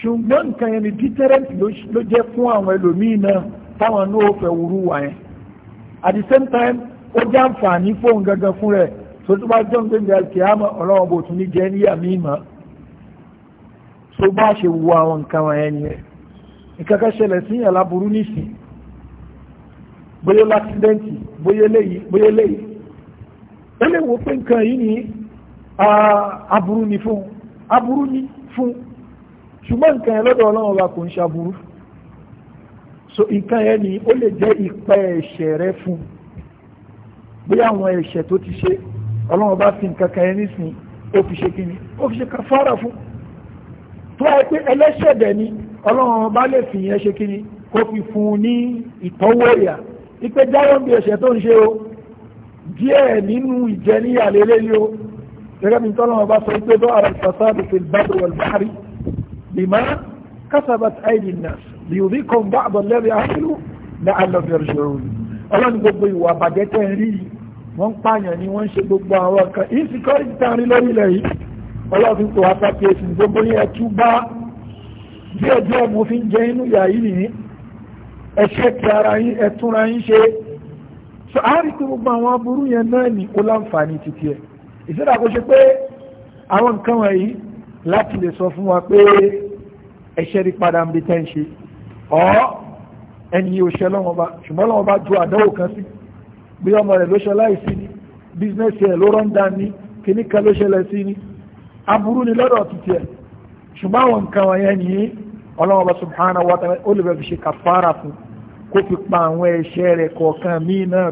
ṣùgbọ́n nǹkan yẹn ni deterrent ló jẹ́ fún àwọn ẹlòmíì náà táwọn náà fẹ́ wúrú wà yẹn at the same time ó jẹ́ àǹfààní fóun gangan fún rẹ̀ tó tó bá jọ ń gbẹ̀ngà kìámọ̀ ọlọ́wọ́n bò tún ní jẹ́ níyà míì mọ́ tó bá ṣe wo àwọn nǹkan wọn yẹn yẹn nǹkan kan ṣẹlẹ̀ sí yàn láburú nísìn bóyá láksidẹ́ǹtì bóyá léyìí bóyá léyìí ó lè wo pé nǹkan yìí ni ah, ṣùgbọ́n nǹkan yẹn lọ́dọ̀ ọlọ́run wa kò ń ṣaburú so nǹkan yẹn ni ó lè jẹ́ ìpẹ́ ẹ̀ṣẹ̀ rẹ fún bóyá àwọn ẹ̀ṣẹ̀ tó ti ṣe ọlọ́run bá fi nǹkan kan yẹn nísìn ó fi ṣe kíni ó fi ṣe kàfárà fún tó wáyé pé ẹlẹ́ṣẹ̀ dẹ̀ ni ọlọ́run bá lè fi yẹn ṣe kíni kó fi fún un ní ìtọ́wọ́ ìyà ipe jáwọ́ bí ẹ̀ṣẹ̀ tó ń ṣe o díẹ̀ nínú ìjẹniyà o gẹ́gẹ́ bí tọ́lọ́run bá sọ pé dọ́ àrà ìfàsáàdì fi bá بما كسبت أيدي الناس ليذيقهم بعض الذي عملوا لعلهم يرجعون ọlọ́run gbogbo ìwà àbàjẹ́ tẹ́ ń rí yìí wọ́n ń pààyàn ni wọ́n ń ṣe gbogbo àwọn kan insecurity tá a rí lórílẹ̀ yìí ọlọ́run fi kò wá sáké sí gbogbo yẹn tú bá díẹ̀ díẹ̀ mo fi ń jẹ inú ìyá yìí nìyí ẹ̀ṣẹ́ kí ara yín ẹ̀túnra yín ṣe so a rí pé gbogbo àwọn aburú yẹn náà ní kó láǹfààní títí ẹ̀ ìṣẹ́dá kó ṣe pé àwọn nǹkan wọ̀nyí láti lè sọ fún wa pé ẹ̀ṣẹ́ rí padà ń bí tẹ́ ń ṣe ọ́ ẹni yóò lọ́wọ́ba ṣùgbọ́n lọ́wọ́ba ju àdánwò kan sí bí ọmọ rẹ̀ ló ṣe láìsí ni bísínẹ́sì ẹ̀ ló rán dá ní kíní kan ló ṣẹlẹ̀ sí ni aburú ni lọ́dọ̀ títí ẹ̀ ṣùgbọ́n àwọn nǹkan wọ̀nyẹn ni ọlọ́wọ́ba subhanahu wa ta'ala ó lè bẹ̀ fi ṣe kàfàrà fún kó fi pa àwọn ẹ̀ṣẹ̀ rẹ̀ kọ̀ọ̀kan míì náà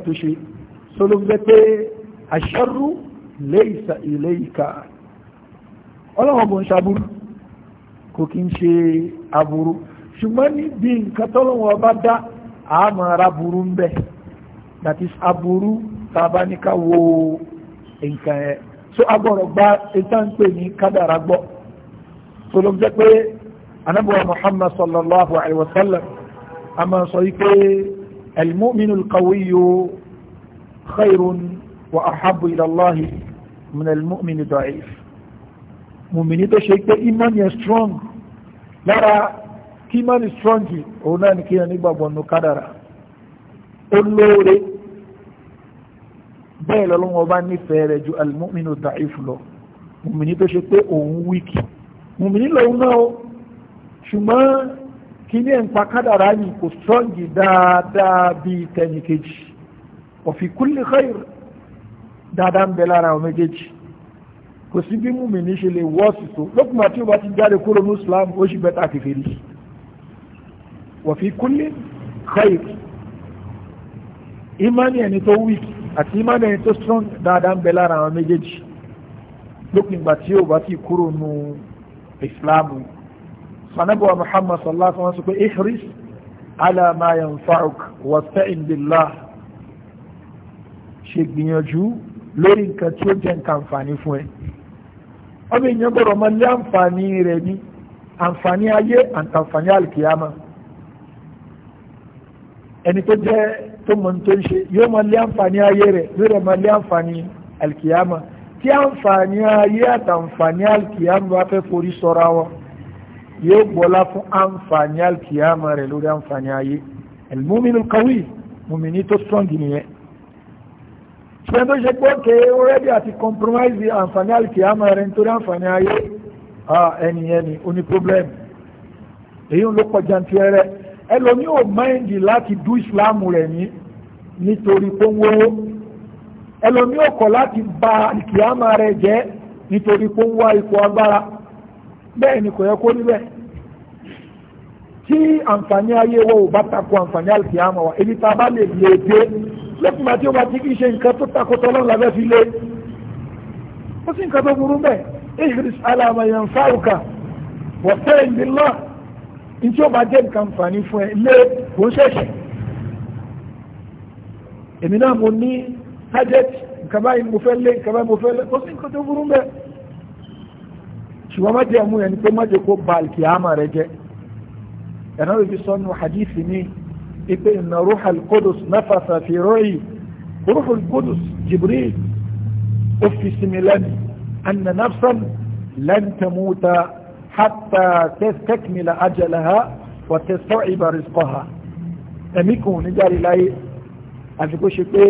kò kí ń ṣe aburú ṣùgbọ́n níbi nǹkan tọ́lọ́wọ́ bá dá àmọ́ ara burú ń bẹ̀ that is aburú tàbá ní ká wo nǹkan ẹ̀ so agbọ̀rọ̀ gba ìtànpè ní kádàrá gbọ́ so ló jẹ́ pé anábọ̀wá muhammad sallallahu alayhi wa sallam a máa sọ yí pé al-mu'minu al-qawiyyu wa ahabbu ila min al-mu'mini da'if mùmìnì tó ṣe pé imani ẹ̀ strong lára kí imani strong yìí òun náà ni kéèyàn nígbàgbọ́ nù kádàrà ó lóore bẹ́ẹ̀ lọ́lọ́wọ́ bá nífẹ̀ẹ́ rẹ̀ ju alimọ́mìnì da'if lọ mùmìnì tó ṣe pé òun wíkì mùmìnì lòun náà o ṣùgbọ́n kí ní ẹ̀ǹpa kádàrá yìí kò strọ́ǹgì dáadáa bí tẹnìkejì wa fi kulli dáadáa ń bẹ lára ọ méjèèjì kò sí bí mú mi ní ṣe lè wọ́ọ̀sì tó lókùnmá tí ó bá ti jáde kúrò ní islam ó sì bẹ́tà kèfèrí wa fi kulli khair imani ẹni tó weak àti imani ẹni tó strong dáadáa ń bẹ lára àwọn méjèèjì lókùnmá tí ó bá ti kúrò ní islam sanabuwa muhammad sallallahu alaihi wa sallam sọ pé ihris ala ma yanfa'uk wasta'in billah ṣe gbìyànjú lórí nǹkan tí ó jẹ́ nǹkan àǹfààní fún ẹ ọmọ èèyàn gbọ́dọ̀ máa lé àǹfààní rẹ̀ ní àǹfààní ayé àti àǹfààní àlìkìyàmà ẹni tó jẹ́ tó mọ̀ tó ń ṣe yóò máa lé àǹfààní ayé rẹ̀ yóò rẹ̀ máa lé àǹfààní àlìkìyàmà tí àǹfààní ayé àti àǹfààní àlìkìyàmà bá fẹ́ forí sọra wọn yóò gbọ́lá fún àǹfààní àlìkìyàmà rẹ̀ lórí àǹfààní ayé ẹ̀lmúmínú kawí mùmíní tó strong nìyẹn ṣùgbọ́n tó ṣe pé ókè already àti compromise àǹfààní àlìkìyàmọ̀ rẹ̀ nítorí àǹfààní ayé ẹnìyẹn ni ó ní problem èyí ló kọjá ti ẹrẹ ẹlòmí ò máìndì láti dú ìsìláàmù rẹ̀ ní nítorí pé ń wówó ẹlòmí ò kọ̀ láti bà àlìkìyàmọ̀ rẹ̀ jẹ́ nítorí pé ń wá ipò agbára bẹ́ẹ̀ ni kò yẹ kó rí bẹ́ẹ̀ tí àǹfààní ayé wọ ò bá takò àǹfààní àlìkìyàmọ̀ wa èyí tá a bá lè lè dé lópin àti ó bá ti kí ṣe nǹkan tó takọtọ lọ́nà lábẹ́ fi lé ó sì nǹkan tó burú bẹ́ẹ̀ ihris alamayan fáwùkà wọ́pẹ́ ìdílọ́ ní tí ó bá jẹ́ nǹkan fàní fún ẹ lé kò ń ṣẹ̀ṣẹ̀ èmi náà mo ní target nǹkan báyìí mo fẹ́ lé nǹkan báyìí mo fẹ́ lé ó sì nǹkan tó burú bẹ́ẹ̀ ṣùgbọ́n má jẹ́ mú ẹni pé má jẹ́ kó ba àlìkìyàmà rẹ jẹ́ ẹ̀rọ ìfi hadith ni ipe ìnà ruhal kudus nafasa fi rọ́ì ruhal kudus jibril ó fi sinmi lẹ́nu anna nafsan lan tamuta hatta tastakmila ajalaha wa tasta'iba rizqaha ẹ̀mí kan ò ní jáde láyé àti kó ṣe pé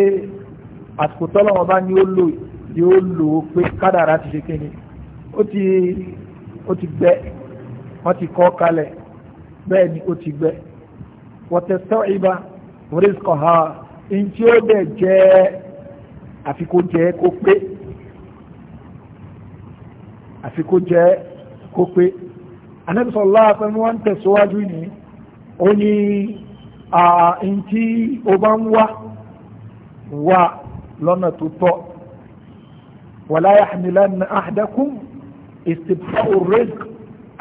àsìkò tọ́lọ́wọ́ bá ní ó lò yóò lò ó pé kádàrá ti ṣe kíni ó ti ó ti gbẹ wọ́n ti kọ́ kalẹ̀ bẹ́ẹ̀ ni ó ti gbẹ وتستوعب رزقها إن جود جاء أفكو جاء كوكبي أفكو جاء كوكبي النبي صلى الله عليه وسلم وأنت سواجيني أني إن تي أبان و و لنا تطو ولا يحملن أحدكم استبحاء الرزق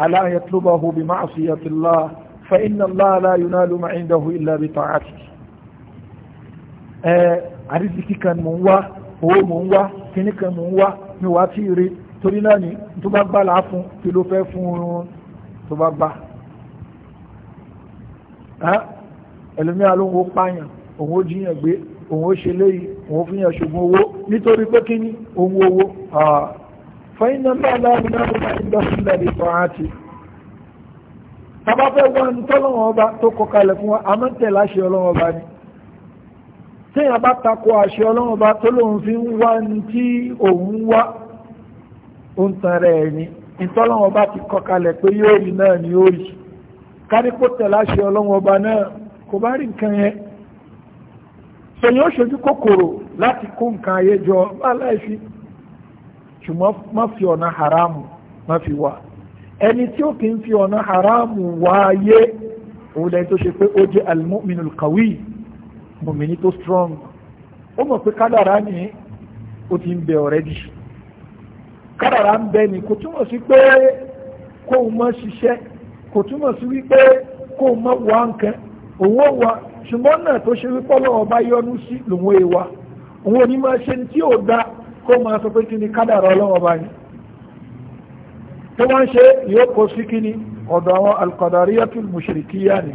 ألا يطلبه بمعصية الله فإن الله لا ينال ما عنده إلا بطاعته àrísìkí kan mò ń wá owó mò ń wá kíní kan mò ń wá mi wá tí ì rí torí náà ni tó bá gbà láà alóhùn pààyàn òun ó jíyàn gbé òun ó ṣe léyìí òun ó fi yàn ṣògùn owó nítorí pé kíní òun owó fẹ́yìn náà bá láàrin náà ló máa ń dọ́sílẹ̀ ìfọ̀ àti tàbá fẹ́ wá ní tọ́lọ́wọ́n ọba tó kọ kalẹ̀ fún wa a máa ń tẹ̀lé àṣẹ ọlọ́wọ́n ọba ni téèyàn bá takò àṣẹ ọlọ́wọ́n ọba tó lóun fi ń wá ní tí òun wá ó ń rẹ̀ ni ìtọ́lọ́wọ́n ọba ti kọ kalẹ̀ pé yóò rí náà ni ó rí kárí kó tẹ̀lé àṣẹ ọlọ́wọ́n ọba náà kò bá rí nǹkan yẹn sọyìn ó ṣojú kòkòrò láti kó nǹkan ayé jọ bá láì fi ṣùgbọ́n má fi ọ̀nà haramu má fi wà. ẹni tí ó kì ń fi ọ̀nà haramu wáyé òun lẹ́yìn tó ṣe pé ó jẹ́ almu'minu alqawi mọ̀mìnì tó strong ó mọ̀ pé kádàrá ni ó ti ń bẹ already kádàrá ń bẹ ni kò túmọ̀ sí pé kó o mọ̀ ṣiṣẹ́ kò túmọ̀ sí wípé kó o mọ̀ wá nǹkan òun ó wá ṣùgbọ́n náà tó ṣe wípé ọlọ́wọ́ bá yọnu sí lòun òun ò ní máa ṣe ní da kó o máa sọ pé kí ni kádàrá ọlọ́wọ́ tó wọ́n ṣe yóò kó sí kíní ọ̀dọ̀ àwọn alqadariyatul mushrikiya ni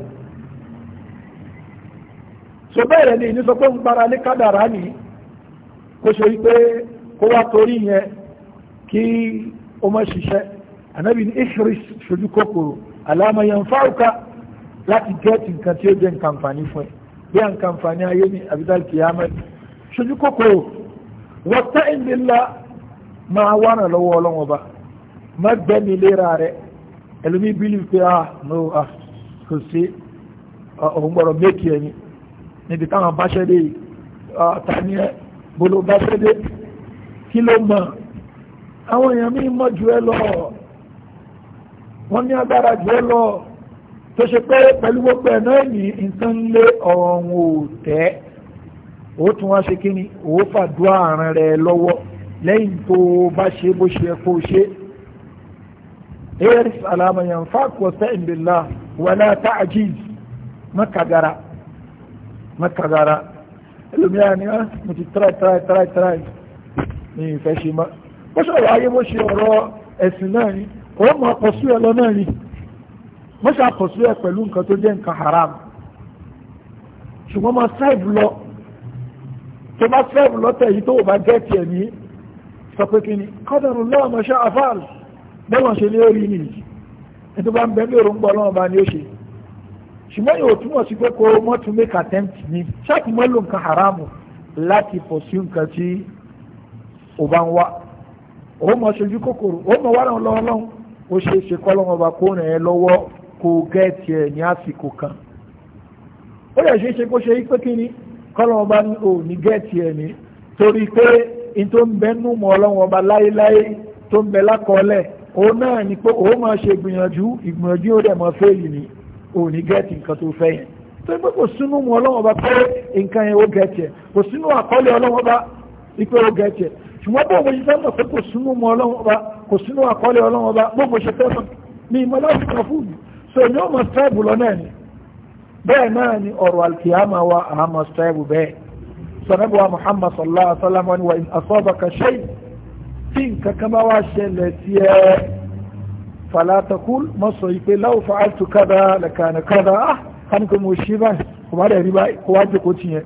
so bẹ́ẹ̀rẹ̀ ni ní sọ pé ń gbára lé kádàrá ni kó ṣe wípé kó wá torí yẹn kí ó mọ̀ ṣiṣẹ́ ànábì ní ishris ṣojú kòkòrò alama yanfa'uka láti gẹ́ẹ̀tì nǹkan tí ó jẹ́ nǹkan àǹfààní fún ẹ bí à ń ka ayé ní abidal kiyama ṣojú kòkòrò wọ́n tẹ́ ìdílá máa wà náà lọ́wọ́ ọlọ́wọ́ bá má gbẹ́mi léra rẹ̀ ẹlòmí bílí pé a ah, no ah kò sí ah, òun gbọ́dọ̀ mékì ẹni níbi táwọn báṣẹ́ dé ah, tani ẹ bolo báṣẹ́ dé kí ló mọ̀ àwọn èèyàn mi mọ̀ jù ẹ lọ wọ́n ní agbára jù ẹ lọ tó ṣe pé pẹ̀lú gbogbo ẹ̀ náà ní nǹkan lé ọ̀run ò tẹ́ ó tún wá ṣe kíni ó fàdúrà àárín lọ́wọ́ lẹ́yìn tó bá ṣe bó ṣe kó ṣe. اعرف على ما ينفعك واستعن بالله ولا تعجيز ما كغرا ما كغرا ẹlòmí àní ẹ́ mo ti try try try try ní ìfẹ́ ṣe mọ́ bó ṣọ̀rọ̀ ayé bó ṣe ọ̀rọ̀ ẹ̀sìn náà ni ó mọ̀ pọ̀sú ẹ̀ lọ náà ni mo ṣe àpọ̀sú ẹ̀ pẹ̀lú nǹkan tó jẹ́ nǹkan haram ṣùgbọ́n mo strive lọ tó bá strive lọ tẹ̀ yìí tó o bá gẹ́ẹ̀tì ẹ̀ ní sọ pé kí ni kọ́dọ̀rù lọ́wọ́ mo ṣe àfáàlù bọ́lọ̀ ṣe ní orí nìyí ní tó bá ń bẹ ní òrùngbọ́ ọlọ́run bá ní ó ṣe ṣùgbọ́n yóò túmọ̀ sí pé kó mọ́ tún make attempt ni ṣáàtì mọ́ ló nǹkan haramu láti pursue nǹkan tí ò bá ń wá ó mọ̀ ṣojú kòkòrò ó mọ̀ wàrà ọlọ́run ó ṣe é ṣe kọ́ lọ́wọ́ ọba kó ràn lọ́wọ́ kó gẹ́ẹ̀tì ẹ̀ ní àsìkò kan ó lè ṣe é ṣe kó ṣe pé kí ni kọ́ lọ́wọ́ ọba ní ò ní gẹ́ẹ̀tì ẹ̀ ní torí pé n tó ń bẹ́nu mọ́ ọlọ́run ọba láéláé tó ń bẹ lákọọ́lẹ̀ òun náà ni pé òun máa ṣe gbìyànjú ìgbìyànjú ó dẹ̀ mọ́ fẹ́ẹ̀lì ni òun ní gẹ́ẹ̀tì nǹkan tó fẹ́ yẹn tó ń pẹ́ kò sínú mu ọlọ́wọ́ bá pé nǹkan yẹn ó gẹ̀ẹ́tì ẹ̀ kò sínú àkọọ́lẹ̀ ọlọ́wọ́ bá ipe ó gẹ̀ẹ́tì ẹ̀ ṣùgbọ́n bó mo ṣe fẹ́ mọ̀ pé kò sínú mu ọlọ́wọ́ bá kò sínú àkọọ́lẹ̀ ọlọ́wọ́ bá bó mo ṣe fẹ́ mọ̀ ní ìmọ̀ láti kàn fún mi so ni ó mọ̀ stẹ́ẹ̀bù lọ náà ni bẹ́ẹ̀ náà ni ọ̀rọ̀ alkiyama wa àmọ̀ stẹ́ẹ̀bù bẹ́ẹ̀ sọ̀rọ̀ bí wa Muhammad sallallahu alaihi wa sallam wa ni wa in asọ́baka tí nǹkan kan bá wá ṣẹlẹ̀ sí ẹ falatakul mọ́ sọ yìí pé láwù fa'altu kada lẹ́kànnì kada ah ká ní pé mo ṣe báyìí kò bá dẹ̀ rí báyìí kó wá jòkó tiẹ̀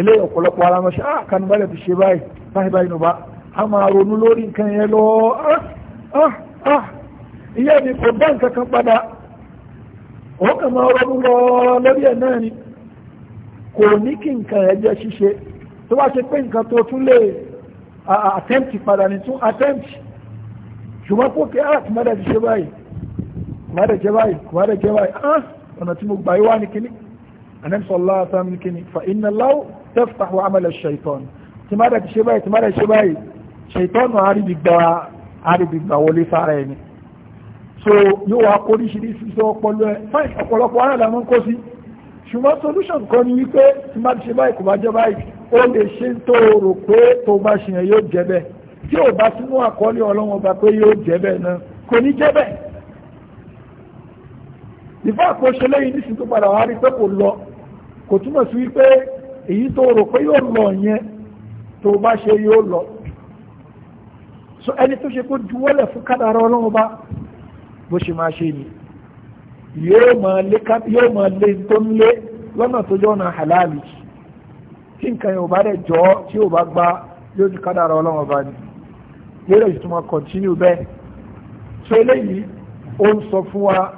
ilé ọ̀pọ̀lọpọ̀ ara mọ́ ṣe ah ká ní bá dẹ̀ ti ṣe báyìí báyìí báyìí nù bá a máa ronú lórí nǹkan yẹn lọ ah, ah, ah. ìyá mi kò dá nǹkan kan padà ó kàn máa ronú lọ lórí ẹ̀ náà ni kò ní kí nǹkan ẹ̀ jẹ́ ṣíṣe tó bá ṣe pé nǹkan tó tún lè attempt padà ní tún attempt ṣùgbọ́n kó kí ah kùmọ́dà ti ṣe báyìí kùmọ́dà jẹ báyìí kùmọ́dà jẹ báyìí ah ọ̀nà tí mo gbà yí wá ní kíní anam sallallahu alaihi wasallam ní kíní fa inna law taftahu amala shaitan tìmọ́dà ti ṣe báyìí tìmọ́dà ti ṣe báyìí shaitan àríbi gbà wọlé sára ẹni so yóò wá kó oríṣiríṣi sọ ọpọlọ ẹ fáìn ọ̀pọ̀lọpọ̀ ara làwọn kó sí ṣùgbọ́n solution kan ni wípé tí má ti ṣe báyìí kò bá jẹ́ báyìí ó lè ṣe tó rò pé tó bá ṣe yẹn yóò jẹ́ bẹ́ẹ̀ tí ò bá sínú àkọọ́lẹ̀ ọlọ́run ọba pé yóò jẹ́ bẹ́ẹ̀ náà kò ní jẹ́ bẹ́ẹ̀ àkóṣe lẹ́yìn nísìn tó padà wá rí pé kò lọ kò túmọ̀ sí wípé èyí tó rò pé yóò lọ yẹn tó bá ṣe yóò lọ so ẹni tó ṣe kó juwọ́lẹ̀ fún kádàrá ọlọ́run ọba bó ṣe máa ṣe ni yóò máa lé tó ń lé lọ́nà tó jọ́ ọ̀nà halali tí nǹkan yẹn ò bá dẹ̀ jọ tí ò bá gbá yóò ju kádàrà ọlọ́run ọba ni yóò lè tún máa kọ̀ntínú bẹ́ẹ̀ so eléyìí ó ń sọ fún wa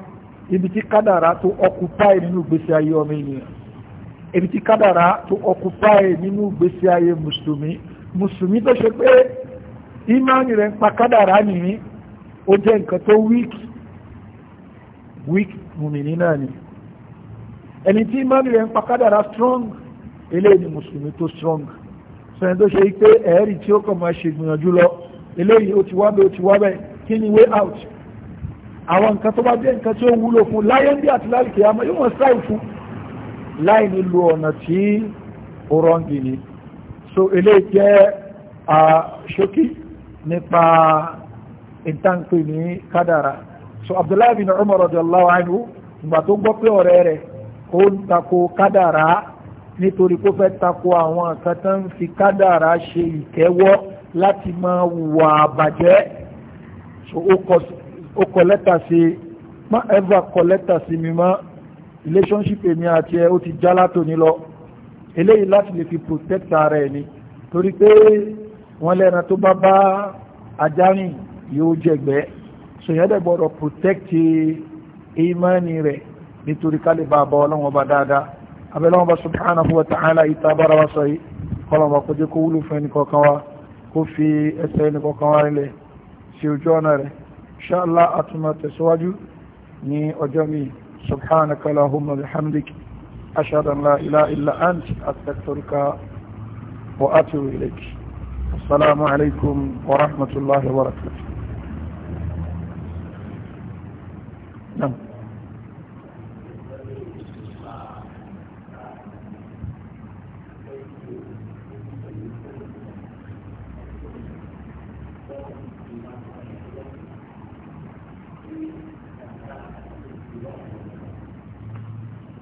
ibi tí kádàrà tó ọkùpáì nínú ìgbésí ayé ọmọ ènìyàn ibi tí kádàrà tó ọkùpáì nínú ìgbésí ayé mùsùlùmí mùsùlùmí tó ṣe pé ìmáàni rẹ̀ ń pa kádàrà nìyí ó jẹ́ nǹkan tó wíìkì wíìkì mùmìnì náà ni ẹni tí ìmáàni rẹ̀ ń pa kádàrà strong eléyìí ni mùsùlùmí tó strong sẹ́yìn tó ṣe pé ẹ̀ẹ́rì tí ó kàn máa ṣe gbìyànjú lọ eléyìí ó ti wá bẹ́ẹ̀ ó ti wá bẹ́ẹ̀ kí way out àwọn nǹkan tó bá jẹ́ nǹkan tí ó wúlò fún láyé ń àti láìkè àmọ́ yóò wọ́n fún láì ní lu ọ̀nà tí ó rọ́ǹgì ni so eléyìí jẹ́ ṣókí nípa ìtànkì ní so abdullahi bin umar radiyallahu anhu ìgbà tó gbọ́ pé ọ̀rẹ́ rẹ̀ nítorí kó fẹ́ tako àwọn nǹkan tó ń fi kádàrá ṣe ìkẹ́wọ́ láti máa wùwà àbàjẹ́ ó kọ lẹ́tà sí má ẹ́fà kọ lẹ́tà sí mi mọ́ relationship èmi àti ẹ ó ti já látòní lọ eléyìí láti lè fi protect ara ẹ̀ ni torí pé wọ́n lẹ́ran tó bá bá ajá rìn yóò jẹ̀gbẹ́ sèyàn dẹ̀ gbọ́dọ̀ protect imani rẹ̀ nítorí kálíbà bá ọlọ́wọ́n bá dáadáa abẹ́lẹ́wọ̀n bá subhanahu wa ta'ala ìta bára wa sọ yìí kọlọ̀mà kò jẹ́ kó wúlò fún ẹnìkọ̀ọ̀kan wa kó fi ẹsẹ̀ ẹnìkọ̀ọ̀kan wa rinlẹ̀ sí ojú ọ̀nà rẹ̀ ṣáàlá àtúmọ̀ tẹ̀síwájú ní ọjọ́ mi subhanaka allahumma bihamdik ashhadu an la ilaha ant astaghfiruka wa atubu assalamu alaikum wa rahmatullahi wa barakatuh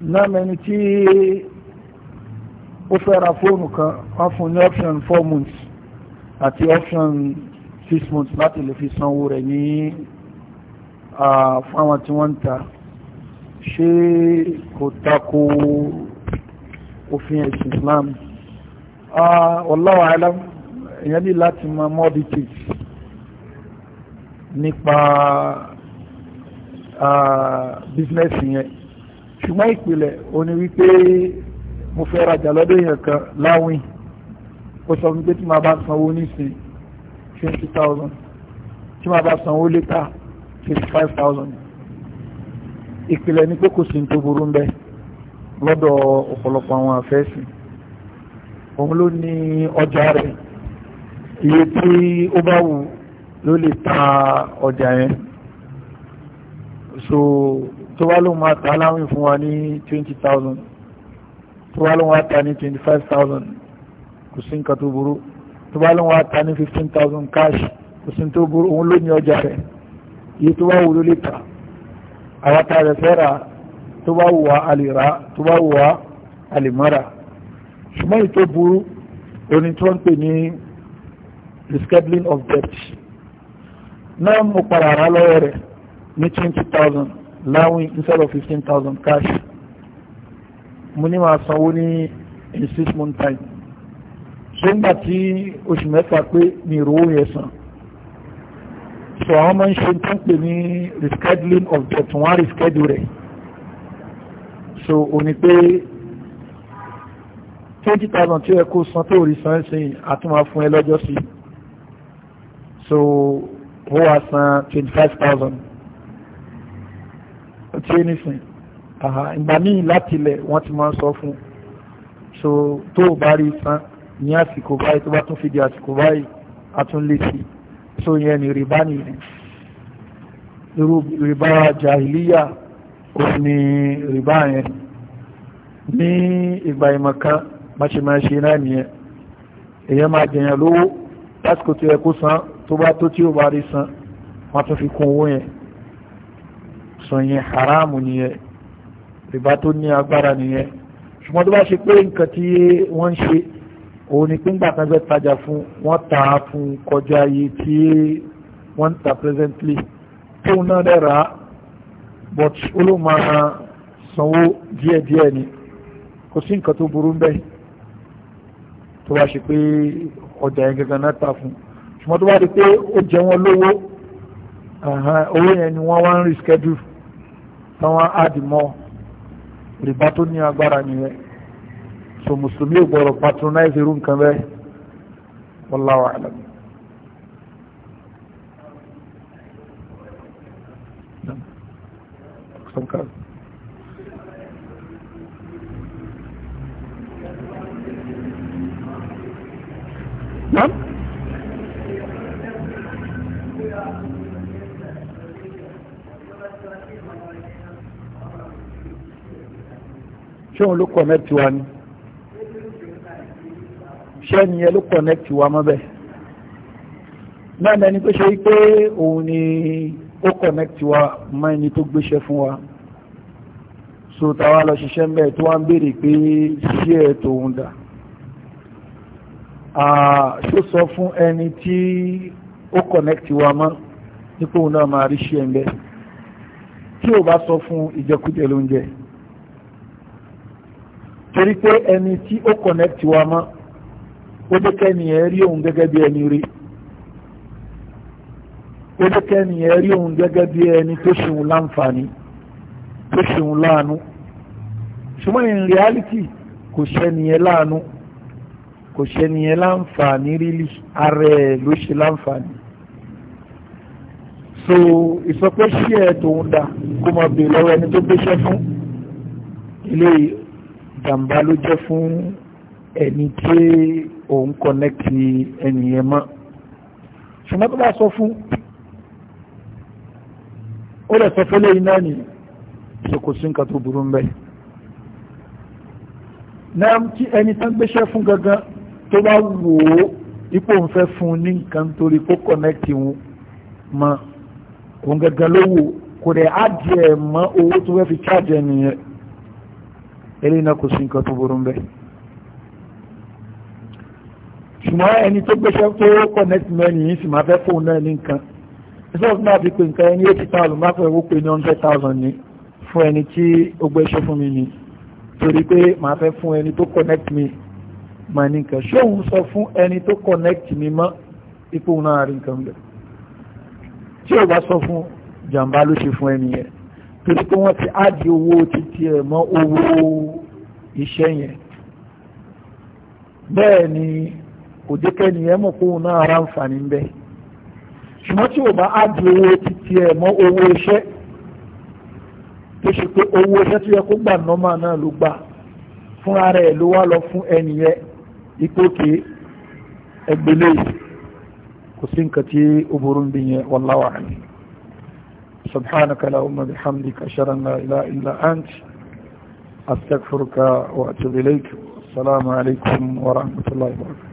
náà mẹni tí ó fẹ́ ra fóònù kan wọ́n fún ní option four months àti option six months láti lè fi sanwó rẹ̀ ní fún àwọn tí wọ́n ń ta ṣé kò tako òfin ẹ̀sìn Islam wallahu alam èèyàn ní láti mọ more details nípa business yẹn ṣùgbọ́n ìpìlẹ̀ ó ní wípé mo fẹ́ rajà lọ́dọ̀ èèyàn kan láwìn ó sọ fún pé tí màá bá sanwó nísìn twenty tí màá bá sanwó létà twenty ìpìlẹ̀ ni pé kò sí ní tó burú ń bẹ lọ́dọ̀ ọ̀pọ̀lọpọ̀ àwọn àfẹ́sìn òun ló ní ọjà rẹ̀ iye tí ó bá wù ló lè ta ọjà yẹn so tó wá ló máa ta láwìn fún wa ní 20,000 tó wá ló wá ta ní 25,000 kò sí nǹkan tó burú tó wá ló wá ta ní 15,000 cash kò sí tó burú òun ló ní ọjà rẹ̀ iye tó wá wù ló lè ta àwọn ta rẹ̀ fẹ́ ra tó bá wù wá a tó bá wù wá a ṣùgbọ́n èyí burú oní tó ń pè ní rescheduling of debt náà mo padà rà lọ́wọ́ rẹ̀ ní 20,000 láwìn instead of fifteen thousand cash mo ní máa sanwó ní in six month time ṣé nígbà tí oṣù mẹ́fà pé ní ìrówó yẹn san so àwọn máa ń ṣe tó ń pè ní rescheduling of debt wọ́n á reschedule rẹ̀ so ò ní pé twenty thousand tí ó yẹ kó san tó rí san ẹ̀sìn àtúnwá fún ẹ lọ́jọ́ sí so ó wá san twenty five thousand tí ó nísìn ìgbà míì látilẹ̀ wọ́n ti máa ń sọ fún so tó o bá rí san ní àsìkò báyìí tó bá tún fi di àsìkò báyìí a tún lè sí so yẹn ni rìbá nìyẹn irú rìbá jahiliya ó ní rìbá yẹn ní ìgbà ìmọ̀kan máṣemáṣe náà nìyẹn èèyàn máa jẹyàn lówó lásìkò tó yẹ kó san tó bá tó tí ó bá rí san wọ́n tún fi kún owó yẹn sọyìn haramu nìyẹn rìbá tó ní agbára nìyẹn ṣùgbọ́n tó bá ṣe pé nǹkan tí wọ́n ń ṣe òun ni pé ńgbà kan fẹ́ tajà fún wọ́n tà fún kọjá iye tí wọ́n ń tà presently tóun náà dẹ̀ rà á but olóòmà sanwó díẹ̀díẹ̀ ni kò sí nǹkan tó burú bẹ́ẹ̀ tó bá ṣe pé ọjà yẹn gangan náà tà fún ṣùgbọ́n tó bá di pé ó jẹ wọ́n lówó owó yẹn ni wọ́n wá ń reschedule táwọn àdìmọ́ rìbá tó ní agbára nìyẹn so mùsùlùmí ò gbọ́dọ̀ patronize irú nǹkan bẹ́ẹ̀ wallahu a'lam. Thank you. Nam? ṣé òun ló connect wa ni ṣé ni ẹ ló connect wa mọ́ bẹ́ẹ̀ náà lẹni tó ṣe wípé òun ni ó connect wa mọ́ ẹni tó gbéṣẹ́ fún wa so táwa lọ ṣiṣẹ́ mẹ́ẹ̀ tó wá ń béèrè pé ṣé ẹ̀ tòun dà ṣó sọ fún ẹni tí ó connect wa mọ́ nípò òun náà máa rí ṣe ẹ̀ tí ò bá sọ fún ìjẹkújẹ lóúnjẹ torí pé ẹni tí ó connect wa mọ́ ó jẹ́ kẹ́ni ẹ̀ rí òun gẹ́gẹ́ bí ẹni rí ó jẹ́ kẹ́ni ẹ̀ rí òun gẹ́gẹ́ bí ẹni tó ṣeun láǹfààní tó ṣeun láàánú ṣùgbọ́n in reality kò ṣẹni ẹ láàánú kò ṣẹni ẹ láǹfààní rílì ara ẹ̀ ló ṣe láǹfààní so ìsọpẹ́ sí ẹ̀ tòun dà kó máa bèè lọ́wọ́ ẹni tó gbéṣẹ́ fún ilé jàǹbá ló jẹ́ fún ẹni tí òun kọ́nẹ́kì ẹnìyẹn mọ́ ṣùgbọ́n tó bá sọ fún ó lè sọ fẹ́lẹ́ iná ni ṣòkò sí nǹkan tó burú ń bẹ náà kí ẹni tán gbéṣẹ́ fún gangan tó bá wò ó ipò ń fẹ́ fún ní nǹkan torí kó kọ́nẹ́kì wọn mọ́ òun gangan ló wò kò dẹ̀ á jẹ́ mọ́ owó tó fẹ́ fi chájẹ nìyẹn eléyìí náà kò sí nǹkan tó burú ń bẹ ṣùgbọ́n ẹni tó gbéṣẹ́ tó kọ̀nẹ́tì mẹ́rin yìí sì máa fẹ́ fóun náà ní nǹkan ẹsẹ́ òfin náà fi pé nǹkan ẹni eighty thousand máa fẹ́ wó pé ní hundred thousand ní fún ẹni tí ó gbéṣẹ́ fún mi ni torí pé máa fẹ́ fún ẹni tó connect mi máa ní nǹkan ṣé òun sọ fún ẹni tó kọ̀nẹ́tì mi mọ́ ipò náà rí nǹkan bẹ̀ tí ò bá sọ fún jàǹbá ló ṣe fún ẹni yẹn torí pé wọ́n ti áàdì owó títí ẹ̀ mọ́ owó iṣẹ́ yẹn bẹ́ẹ̀ ni kò dékẹ́ ni ẹ mọ̀ kóhun náà ara ń fà ní bẹ́ẹ̀ ṣùgbọ́n tí ò bá áàdì owó títí ẹ̀ mọ́ owó iṣẹ́ tó ṣe pé owó iṣẹ́ tó yẹ kó gbà nọ́mà náà ló gbà fúnra rẹ̀ ló wá lọ fún ẹni yẹn ìpókè ẹgbẹ́lẹ́yìí kò sí nǹkan tí ó burú ń bí yẹn wallahu a'lam سبحانك اللهم بحمدك أشهد أن لا إله إلا أنت أستغفرك وأتوب إليك السلام عليكم ورحمة الله وبركاته